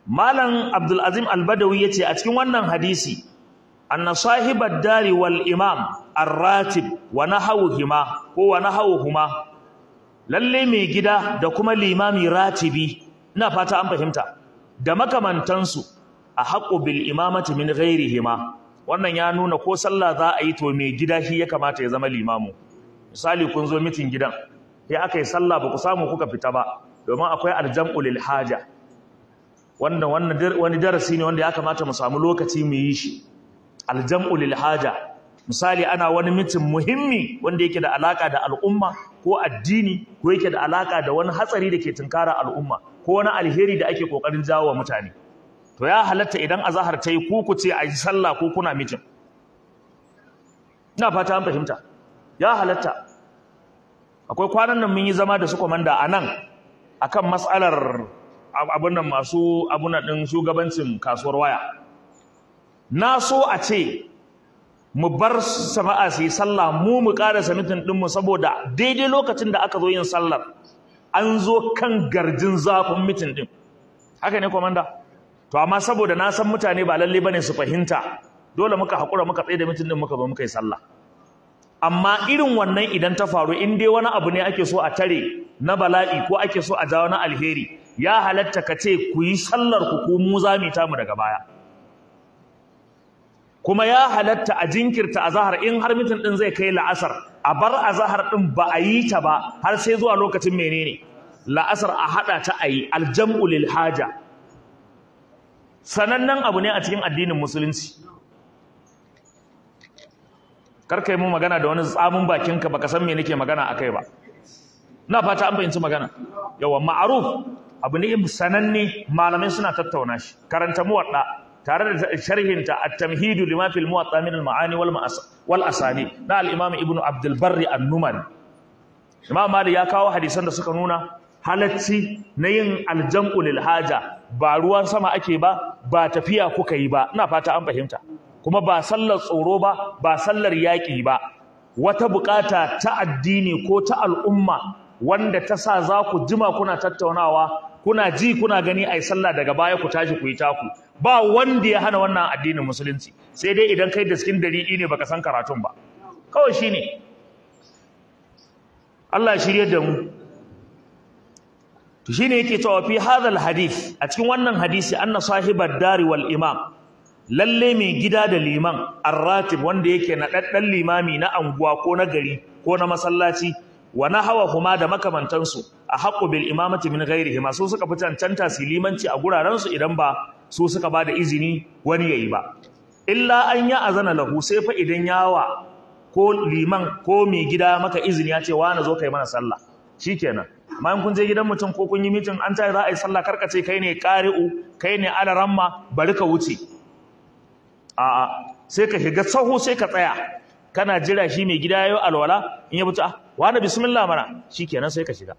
malam abdulazim albadawi ya ce a cikin wannan hadisi anna sahibar dari wal imam arratib wa nahawuhuma ko wa nahawuhuma lalle mai gida da kuma limami ratibi ina fata an fahimta da makamantansu a haƙo bil imamati min hima. wannan ya nuna ko sallah za a yi to mai gida shi ya kamata ya zama limamu misali kun zo mitin gidan sai aka yi sallah ba ku samu kuka fita ba domin akwai aljam'u lil haja wanda wani darasi ne wanda ya kamata mu samu lokaci mu yi shi aljam'u lil haja misali ana wani mitin muhimmi wanda yake da alaka da al'umma ko addini ko yake da alaka da wani hatsari da ke tunkara al'umma ko wani alheri da ake kokarin jawo wa mutane to ya halatta idan azahar ta yi ku ku ce a sallah ko kuna mitin ina fata an fahimta ya halatta akwai kwanan nan mun yi zama da su kwamanda anan akan matsalar Abin nan masu abuna din shugabancin kasuwar waya na so a ce mu bar sama'a su yi sallah mu mu karasa mitin ɗinmu saboda daidai lokacin da aka zo yin sallar an zo kan garjin zafin mitin ɗin haka ne komanda to amma saboda na san mutane ba lalle bane su fahimta dole muka haƙura muka tsaye da mitin ɗin muka zo muka yi sallah amma irin wannan idan ta faru in dai wani abu ne ake so a tare na bala'i ko ake so a jawo na alheri ya halatta ka ce ku yi sallar ku ko mu za mu ta mu daga baya kuma ya halatta a jinkirta azahar in har mutun din zai kai la'asar a bar azahar din ba a yi ta ba har sai zuwa lokacin menene la'asar a hada ta ayi aljam'u lil haja sanannen abu ne a cikin addinin musulunci karka yi mu magana da wani tsamin bakinka baka san me nake magana akai ba na fata an fahimci magana yawa ma'aruf abu ne sananne malamai suna tattauna shi karanta muwadda tare da sharhinta at-tamhidu lima fil muwatta min al-ma'ani wal wal asani na al-imam ibnu abdul barri an imam mali ya kawo hadisan da suka nuna halacci na yin aljam'u lil haja ba ruwan sama ake ba ba tafiya kuka yi ba ina fata an fahimta kuma ba sallar tsoro ba ba sallar yaƙi ba wata buƙata ta addini ko ta al'umma wanda ta sa za ku jima kuna tattaunawa kuna ji kuna gani ai sallah daga baya ku tashi ku yi taku ba wanda ya hana wannan addinin musulunci sai dai idan kai da cikin dari'i ne baka san karatun ba kawai shine Allah shirye da mu to shine yake cewa fi hadal hadith a cikin wannan hadisi anna sahibar dari wal imam lalle mai gida da liman arratib wanda yake na daddan limami na anguwa ko na gari ko na masallaci wa nahawahuma da makamantansu a haqqu bil imamati min ghairihi su suka fi cancanta su limanci a guraren su idan ba su suka ba da izini wani yayi ba illa an ya azana lahu sai fa idan yawa ko liman ko mai gida maka izini ya ce na zo kai mana sallah shikenan in kun je gidan mutum ko kun yi meeting an ta za a yi sallah ce kai ne qari'u kai ne alaramma bari ka wuce a'a sai ka shiga sahu sai ka tsaya kana jira shi mai gida yau alwala in ya fito ah wani bismillah mana kenan sai ka shiga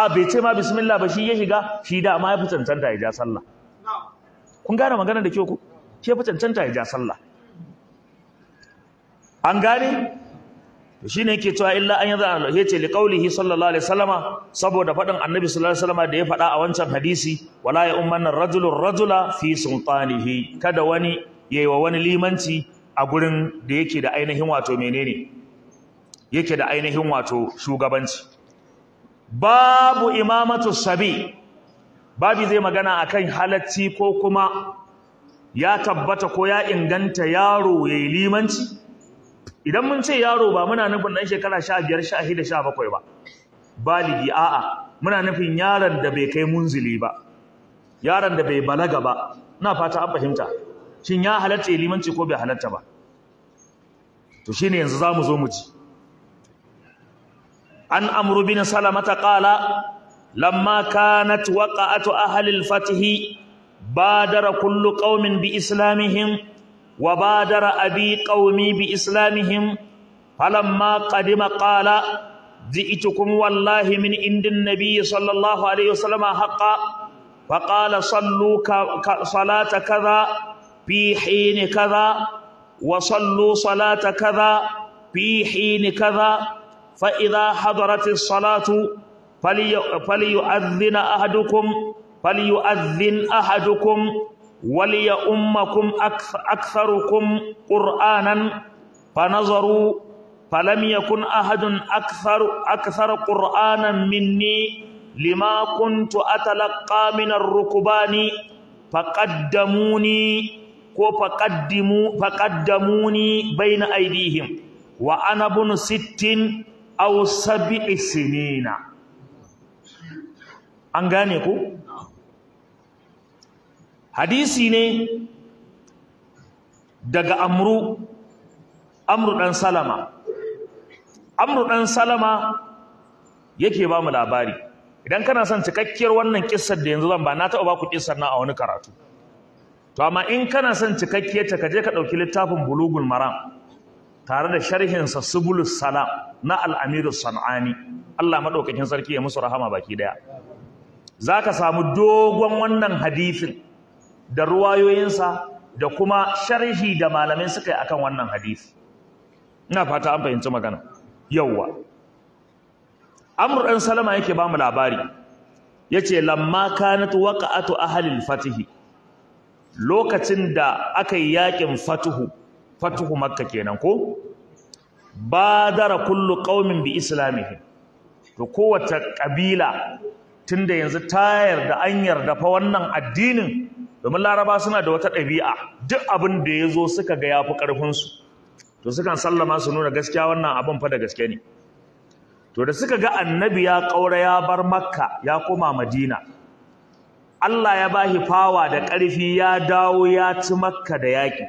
a bai ce ma bismillah ba shi ya shiga shi da ma ya fi cancanta ya ja sallah kun gane magana da kyau ku shi ya fi cancanta ya ja sallah an gane to shine yake cewa illa an yanzu Allah yace li qaulihi sallallahu alaihi salama saboda faɗin annabi sallallahu alaihi salama da ya faɗa a wancan hadisi wala ya ummanna rajulun rajula fi sultanihi kada wani yayi wa wani limanci a gurin da yake da ainihin wato menene yake da ainihin wato shugabanci babu imamatu sabi babu zai magana akan halacci ko kuma ya tabbata ko ya inganta yaro yayi limanci idan mun ce yaro ba muna nufin dan shekara 15 16 17 ba baligi a'a muna nufin yaron da bai kai munzili ba yaron da bai balaga ba ina fata an fahimta shin ya halatta limanci ko bai halatta ba to shine yanzu zamu zo mu ji an amru bin salamata qala lamma kanat waqa'atu ahli al-fath badara kullu qaumin bi islamihim wa badara abi qaumi bi islamihim falamma qadima qala جئتكم Wallahi من indin النبي Sallallahu الله عليه وسلم فقال صلوا صلاة كذا في حين كذا وصلوا صلاة كذا في حين كذا فإذا حضرت الصلاة فلي فليؤذن أحدكم فليؤذن أحدكم وليؤمكم أكثر أكثركم قرآنا فنظروا فلم يكن أحد أكثر أكثر قرآنا مني لما كنت أتلقى من الركبان فقدموني ko faqaddimu faqaddamuni baina aidihim wa ana bun sittin aw sab'i sinina an gane ku hadisi ne daga amru amru dan salama amru dan salama yake ba mu labari idan kana son cikakkiyar wannan kissar da yanzu zan ba na taɓa ba ku kissar na a wani karatu to amma in kana son cikakkiyar ta kaje ka ɗauki littafin bulugul maram tare da sharhinsa subulus salam na al'amiru san'ani Allah madaukakin sarki ya musu rahama baki daya zaka samu dogon wannan hadisin da ruwayoyinsa da kuma sharhi da malamin suka yi akan wannan hadisi ina fata an fahimci magana yawwa amr ɗan salama yake ba mu labari yace ce lamma kanat ahli al fatihi lokacin da aka yi yaƙin fatuhu fatuhu makka kenan ko Ba badara kullu qaumin bi islamihim to kowace kabila tunda yanzu ta yarda an yarda fa wannan addinin domin laraba suna da wata ɗabi'a duk abin da ya zo suka ga yafi fi ƙarfinsu to sukan sallama su nuna gaskiya wannan abin fa da gaske ne to da suka ga annabi ya ƙaura ya bar makka ya koma madina Allah ya ba shi fawa da ƙarfi ya dawo ya ci makka da yaƙi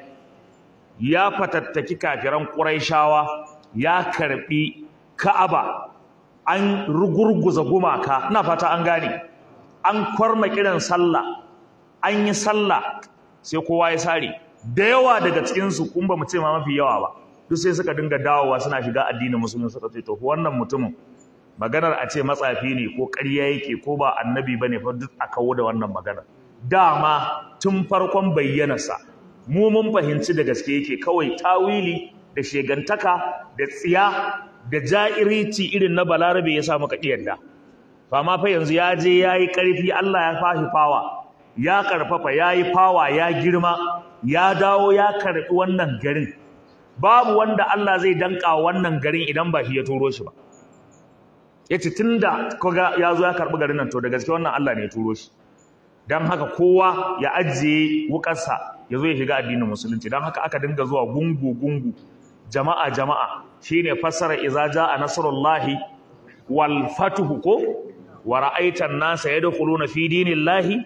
ya fatattaki kafiran ƙuraishawa ya karɓi ka'aba an rugurguza gumaka na fata an gane an kwarma kiran sallah an yi sallah sai kowa ya sare da yawa daga cikinsu kun ba mu ce ma mafi yawa ba duk sai suka dinga dawowa suna shiga addinin musulmi suka ce to wannan mutumin maganar a ce matsafi ne ko ƙarya yake ko ba annabi ba ne duk a kawo da wannan maganar dama tun farkon bayyanarsa mu mun fahimci da gaske yake kawai tawili da shegantaka da tsiya da ja'irici irin na balarabe ya sa muka ƙiyarda ba fa yanzu ya je ya yi ƙarfi allah ya fahi fawa ya ƙarfafa ya yi fawa ya girma ya dawo ya karɓi wannan garin babu wanda allah zai danƙa wannan garin idan ba shi ya turo shi ba tun da koga ya zo ya karɓi garin nan to da gaske wannan Allah ne ya turo shi don haka kowa ya ajiye wukarsa ya zo ya shiga addinin musulunci don haka aka dinga zuwa gungu gungu jama'a jama'a shine fassara a a nasarullahi wal fatuhu ko wa ra'aita nasa yadkhuluna fi dinillahi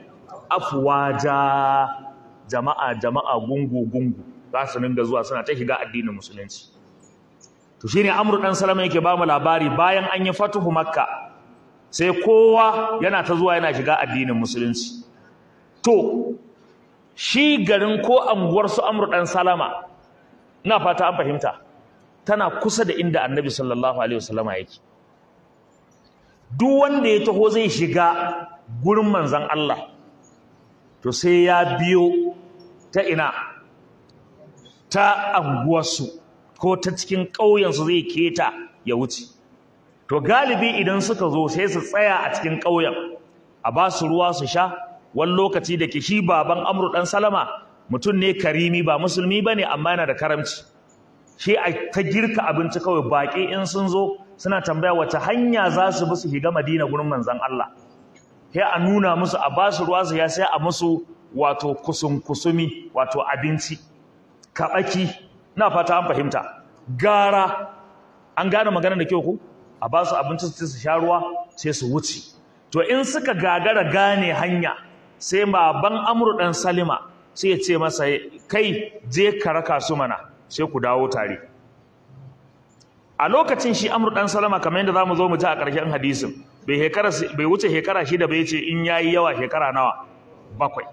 afwaja jama'a jama'a gungu gungu za su dinga zuwa suna ta shiga addinin musulunci to shine amru dan salama yake ba mu labari bayan an yi fatuhu makka sai kowa yana ta zuwa yana shiga addinin musulunci to shi garin ko anguwar su amru dan salama ina fata an fahimta tana kusa da inda annabi sallallahu alaihi wasallama yake duk wanda ya taho zai shiga gurin manzon Allah to sai ya biyo ta ina ta anguwarsu ko ta cikin ƙauyensu zai keta ya wuce to galibi idan suka zo sai su tsaya a cikin ƙauyen a ba su ruwa su sha wani lokaci da ke shi baban amru ɗan salama mutum ne karimi ba musulmi ba ne amma yana da karamci shi a ta girka abinci kawai baƙi in sun zo suna tambaya wace hanya za su bi su shiga madina gurin manzon Allah sai a nuna musu a ba su ruwa su ya sai a musu wato kusun kusumi wato abinci kaɓaki na fata an fahimta gara an gane magana da kyau ku a ba su abinci su su sha ruwa sai su wuce to in suka gagara gane hanya sai baban amru dan salima sai ya ce masa kai je ka raka su mana sai ku dawo tare a lokacin shi amru dan salama kamar yadda zamu zo mu ji a ƙarshen hadisin bai wuce shekara da bai ce in yayi yawa shekara nawa bakwai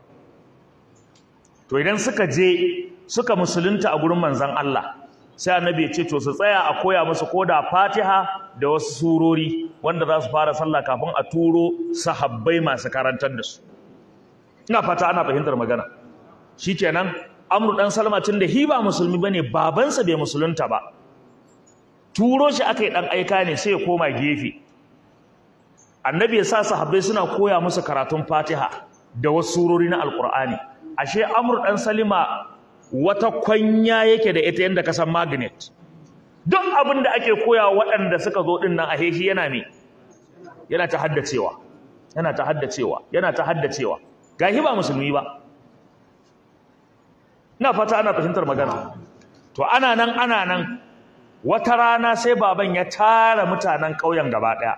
to idan suka je suka musulunta a gurin manzan Allah sai annabi ya ce to su tsaya a koya musu ko da Fatiha da wasu surori wanda za su fara sallah kafin a turo sahabbai masu karantar da su ina fata ana fahimtar magana shikenan Amru dan Salma tun da hi ba musulmi bane babansa bai musulunta ba turo shi aka yi dan aika ne sai ya koma gefe annabi ya sa sahabbai suna koya musu karatun Fatiha da wasu surori na Alkur'ani ashe Amur ɗan salima wata kwanya yake da ita yadda ka san magnet duk abin da ake koya waɗanda suka zo ɗin nan a heshi yana ne yana ta haddacewa yana ta haddacewa yana ta haddacewa gahi ba musulmi ba ina fata ana fahimtar magana to ana nan ana nan wata rana sai baban ya tara mutanen ƙauyen gaba ɗaya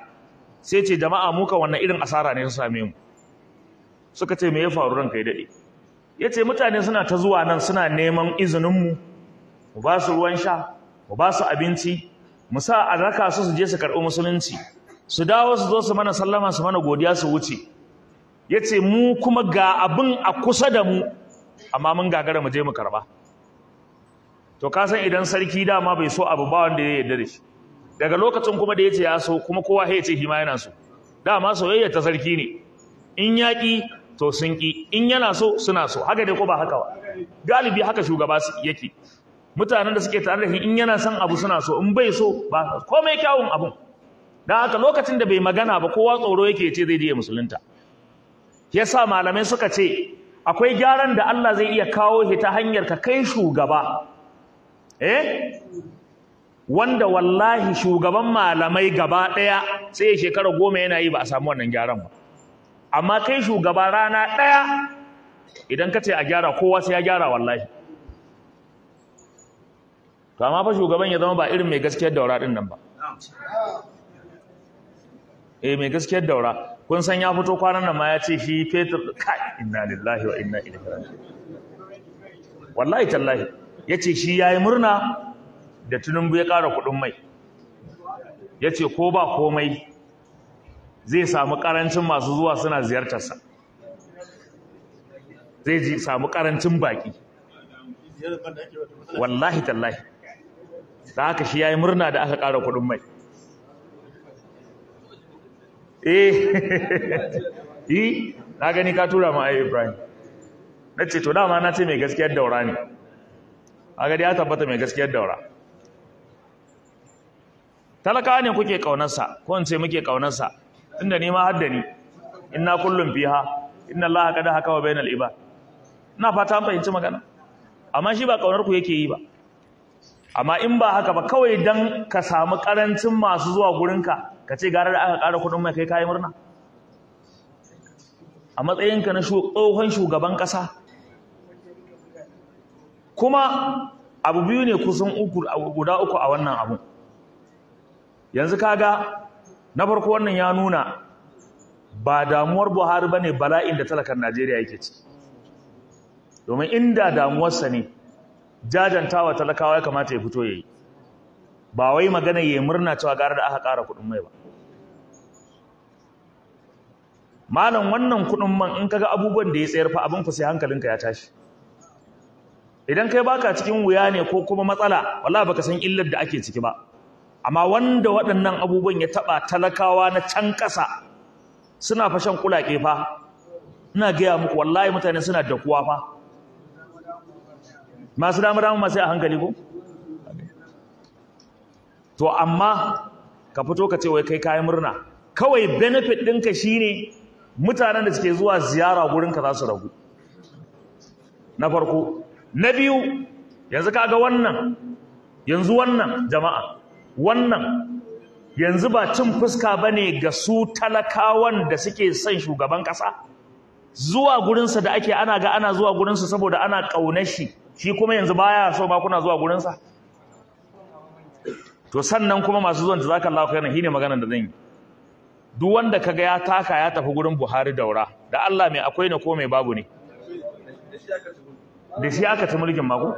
sai ce jama'a muka wannan irin asara ne su same mu suka ce me ya faru ranka ya daɗe ya ce mutane suna ta zuwa nan suna neman izininmu mu ba su ruwan sha mu ba su abinci mu sa a su su je su karɓi musulunci su dawo su zo su mana sallama su mana godiya su wuce ya ce mu kuma ga abin a kusa da mu amma mun gagara mu je mu karɓa to ka san idan sarki dama bai so abu ba wanda ya yarda da shi daga lokacin kuma da ya ce ya so kuma kowa ya ce shi ma yana so dama soyayya ta sarki ne in yaƙi to sun ki in yana so suna so haka dai ko ba haka ba galibi haka shugaba yake mutanen da suke tare da shi in yana son abu suna so in bai so ba komai kyawun abun dan haka lokacin da bai magana ba kowa tsoro yake ce zai je musulunta yasa malamai suka ce akwai gyaran da Allah zai iya kawo shi ta hanyar ka kai shugaba eh wanda wallahi shugaban malamai gaba ɗaya sai shekara goma yana yi ba a samu wannan gyaran ba amma kai shugaba rana ɗaya idan ka ce a gyara kowa sai ya gyara wallahi to amma fa shugaban ya zama ba irin mai gaskiyar daura ɗin nan ba eh mai gaskiyar daura kun san ya fito kwanan nan ma ya ce shi fetur kai inna lillahi wa inna ilaihi raji'un wallahi tallahi ce shi yayi murna da tunumbu ya ƙara kuɗin mai ya ce ko ba komai zai samu karancin masu zuwa suna ziyartarsa zai samu karancin baki wallahi tallahi da haka shi ya yi murna da aka ƙara kuɗin mai eh na gani ka tura ma ayi ibrahim na ce to dama na ce mai gaskiyar daura ne a gari ya tabbata mai gaskiyar daura talakawa ne kuke ƙaunarsa ko in ce muke ƙaunarsa tunda ni ma haddani inna kullum fiha inna Allah haka wa bainal ibad ina fata an fahimci magana amma shi ba kaunar ku yake yi ba amma in ba haka ba kawai dan ka samu karancin masu zuwa gurinka ka ce gara da aka kara kuɗin mai kai kai murna a matsayinka na tsohon shugaban ƙasa kuma abu biyu ne kusan uku guda uku a wannan abu yanzu kaga na farko wannan ya nuna ba damuwar buhari ba ne bala'in da talakar najeriya yake ci domin inda damuwarsa ne jajantawa talakawa ya kamata ya fito ya yi ba wai magana ya murna cewa gara da aka kara kuɗin mai ba malam wannan kuɗin man in kaga abubuwan da ya tsayar fa abin ku sai hankalinka ya tashi idan kai baka cikin wuya ne ko kuma matsala wallahi baka san illar da ake ciki ba amma wanda waɗannan abubuwan ya taɓa talakawa na can ƙasa suna fashan kulaƙe fa ina gaya muku wallahi mutane suna da kuwa fa masu damar damar masu a hankali ko to amma ka fito ka ce wai kai kayan murna kawai benefit ɗinka shine mutanen da suke zuwa ziyara gurinka za su ragu na farko na biyu yanzu kaga wannan yanzu wannan jama'a wannan yanzu ba cin fuska ba ne ga su talakawan da suke son shugaban ƙasa zuwa gurinsa da ake ana ga ana zuwa gurinsa saboda ana ƙaunar shi shi kuma yanzu baya so ba kuna zuwa gurinsa to sannan kuma masu zuwan jazakallahu yana shine maganar da zan yi duk wanda kaga ya taka ya tafi gurin Buhari daura da Allah mai akwai ne ko mai babu ne da shi aka ci mulkin mako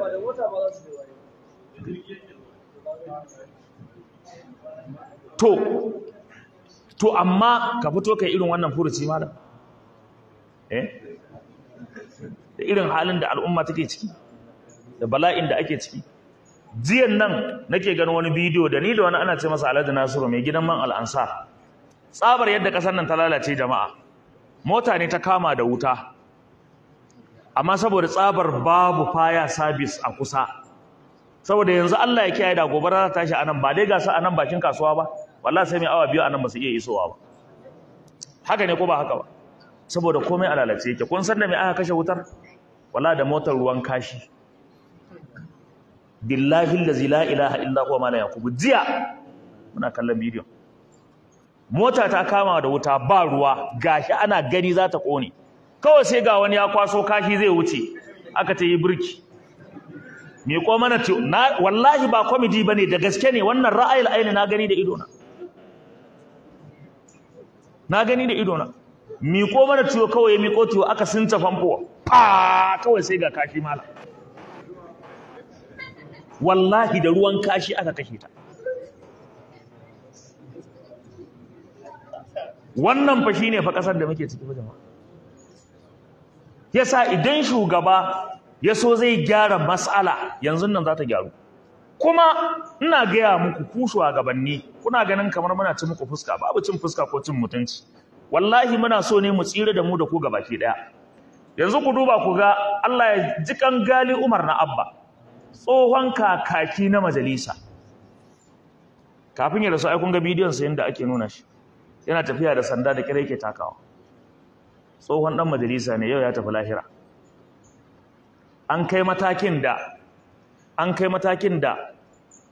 to to amma ka fito kai irin wannan furuci da eh da irin halin da al'umma take ciki da bala'in da ake ciki jiyan nan nake ganin wani bidiyo da ni da wani ana ce masa Alhaji Nasiru mai gidan man alansa tsabar yadda kasar nan ta lalace jama'a mota ne ta kama da wuta amma saboda tsabar babu faya service a kusa saboda yanzu Allah ya kiyaye da gobara ta tashi anan ba dai ga gasa anan bakin kasuwa ba wallahi sai mai awa biyu anan ba su iya isowa ba haka ne ko ba haka ba saboda komai a lalace yake kun san da mai aka kashe wutar wallahi da motar ruwan kashi billahi allazi la ilaha illa huwa mala yaqub jiya muna kallon bidiyon mota ta kama da wuta ba ruwa gashi ana gani za ta kone kawai sai ga wani ya kwaso kashi zai wuce aka ta yi birki me ko mana wallahi ba comedy bane da gaske ne wannan ra'ayil aini na gani da ido na na gani da ido na miko mana ciwo kawai ya miko ciwo aka sinta famfo pa kawai sai ga kashi mala wallahi da ruwan kashi aka kashe ta wannan fa shine fa kasar da muke ciki jama'a yasa idan shugaba ya so zai gyara matsala yanzu nan za ta gyaru kuma ina gaya muku ku gabanni. kuna ganin kamar muna ci muku fuska babu cin fuska ko cin mutunci wallahi muna so ne mu tsira da mu da ku gabaki daya yanzu ku duba ku ga Allah ya ji kan gali Umar na Abba tsohon kakaki na majalisa kafin ya rasu ai kun ga bidiyon sa yanda ake nuna shi yana tafiya da sanda da kire yake takawa tsohon dan majalisa ne yau ya tafi lahira an kai matakin da an kai matakin da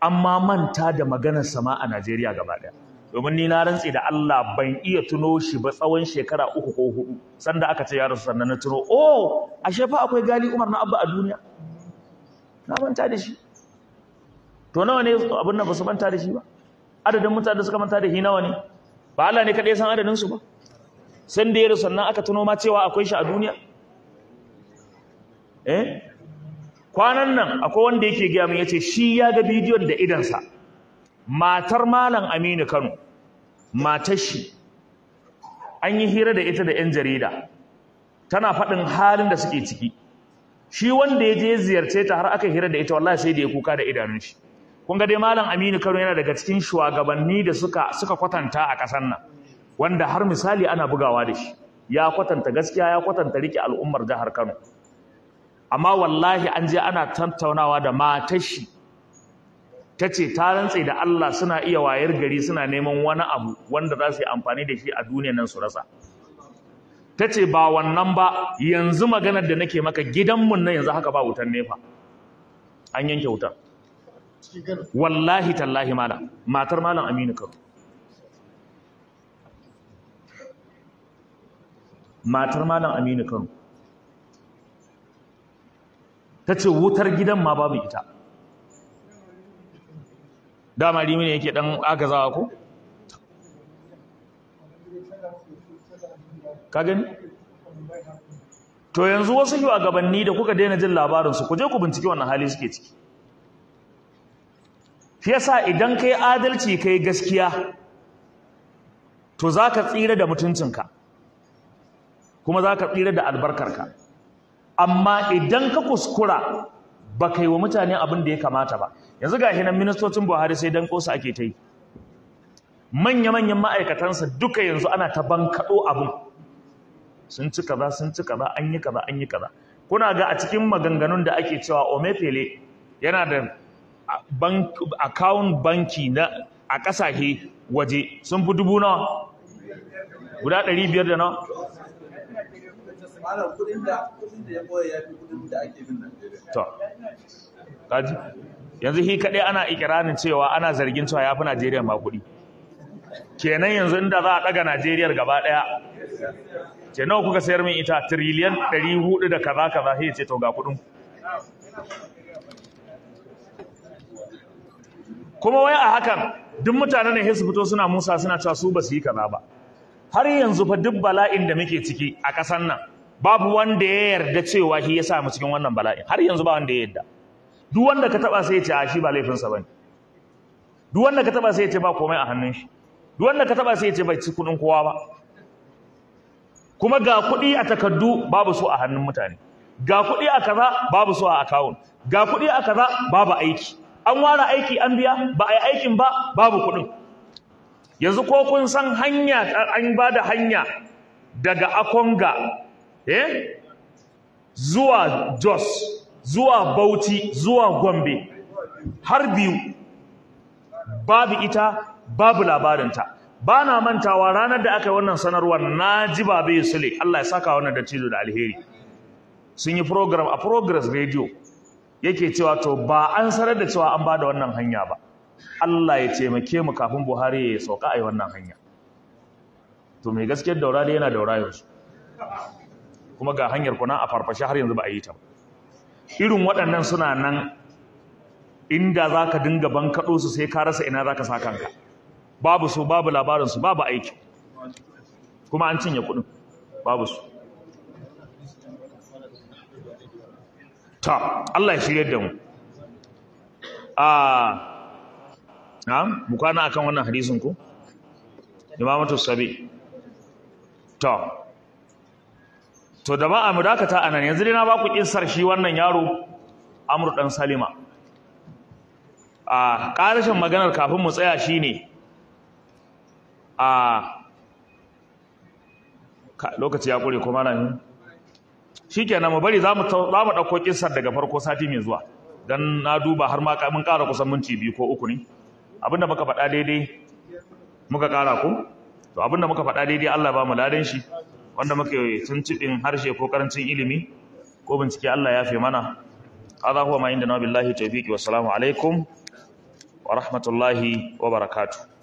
amma manta da maganar sama a Najeriya gaba ɗaya domin ni na rantse da Allah ban iya tuno shi ba tsawon shekara uku ko hudu sanda aka ce yaro sannan na tuno oh ashe fa akwai gali Umar na Abba a duniya na manta da shi to nawa ne abin nan ba su manta da shi ba adadin mutane da suka manta da shi nawa ne ba Allah ne kadai san adadin su ba Sanda ya yaro sannan aka tuno ma cewa akwai shi a duniya eh kwanan nan akwai wanda yake gaya min yace shi ya ga bidiyon da idansa matar malam Aminu Kano matar shi an yi hira da ita da yan jarida tana faɗin halin da suke ciki shi wanda ya je ziyarce ta har aka hira da ita wallahi sai da ya kuka da idanun shi kun ga dai malam Aminu Kano yana daga cikin shugabanni da suka suka kwatanta a ƙasar nan wanda har misali ana bugawa da shi ya kwatanta gaskiya ya kwatanta rike al'ummar jihar Kano amma wallahi an je ana tattaunawa da matashi ta ce ta rantse da Allah suna iya wayar gari suna neman wani abu wanda za su yi amfani da shi a duniya nan su rasa ta ce ba wannan ba yanzu maganar da nake maka gidanmu nan yanzu haka ba wutan nefa an yanke wutar. wallahi tallahi malam matar malam aminu karo matar malam aminu karo ta ce wutar gidan ma babu ita dama rimi ne yake dan aka zawa ko ka gani to yanzu wasu gabanni da kuka daina jin labarinsu ku je ku binciki wannan hali suke ciki Fiyasa yasa idan kai adalci kai gaskiya to za ka tsira da mutuncinka kuma za ka tsira da albarkarka amma idan ka kuskura ba yi wa mutane abin da ya kamata ba yanzu ga hinan ministocin buhari sai dan kosa ake ta yi manya-manyan ma'aikatansa duka yanzu ana ta bankaɗo abin sun ci kaza sun ci kaza an yi kaza an yi kaza kuna ga a cikin maganganun da ake cewa omefele yana da bank account banki na a ƙasashe waje sun fi dubu nawa guda ɗari biyar da nawa malam kudin da kudin da ya boye ya fi kudin da ake bin Najeriya to kaji yanzu hi kaɗai ana ikirarin cewa ana zargin cewa ya fi Najeriya ma kuɗi. kenan yanzu inda za a ɗaga Najeriya gaba ɗaya. ce nawa kuka sayar min ita triliyan 400 da kaza kaza sai ce to ga kuɗin. kuma wai a hakan duk mutanen da su fito suna musa suna cewa su ba su yi kaza ba har yanzu fa duk bala'in da muke ciki a ƙasar nan babu wanda ya yarda cewa shi ya sa mu cikin wannan bala'in har yanzu ba wanda ya yarda duk wanda ka taba sai ya ce a shi ba laifinsa bane duk wanda ka taba sai ya ce ba komai a hannun shi duk wanda ka taba sai ya ce bai ci kudin kowa ba kuma ga kuɗi a takardu babu su a hannun mutane ga kuɗi a kaza babu su a account ga kuɗi a kaza babu aiki an wara aiki an biya ba a yi aikin ba babu kuɗin yanzu ko kun san hanya an ba da hanya daga akonga eh zuwa Jos zuwa Bauchi zuwa Gombe har biyu babu ita babu labarinta ba na mantawa ranar da aka yi wannan sanarwar na ji yi sule Allah ya saka wannan da cizo da alheri sun yi program a progress radio yake cewa to ba an sanar da cewa an ba da wannan hanya ba Allah ya taimake mu kafin Buhari ya sauka a yi wannan hanya to mai gaskiyar daura da yana daura yanzu kuma ga hanyar kuna a farfashe har yanzu ba a yi ta irin waɗannan suna nan inda za ka dinga kaɗo su sai ka rasa ina za ka sa kanka babu su babu labarinsu babu aiki kuma an cinye kuɗin babu su ta Allah ya shirya da mu a na mu kwana akan wannan hadisin ku imamatu sabi ta to da a mu dakata nan yanzu dai na ba ku kissar shi wannan yaro Amr dan Salima a ƙarashin maganar kafin mu tsaya shine a lokaci ya kure kuma nan shikenan mu bari za mu ɗauko kissar daga farko sati mai zuwa dan na duba har ma mun ƙara kusan minti biyu ko uku ne abinda muka faɗa daidai muka ƙara ku to abinda muka faɗa daidai Allah ba mu ladan shi wanda muke tuntuɓin harshe ko karancin ilimi ko bincike Allah ya fi mana hadha huwa ma inda na billahi tawfiqi wassalamu alaikum wa rahmatullahi wa barakatuh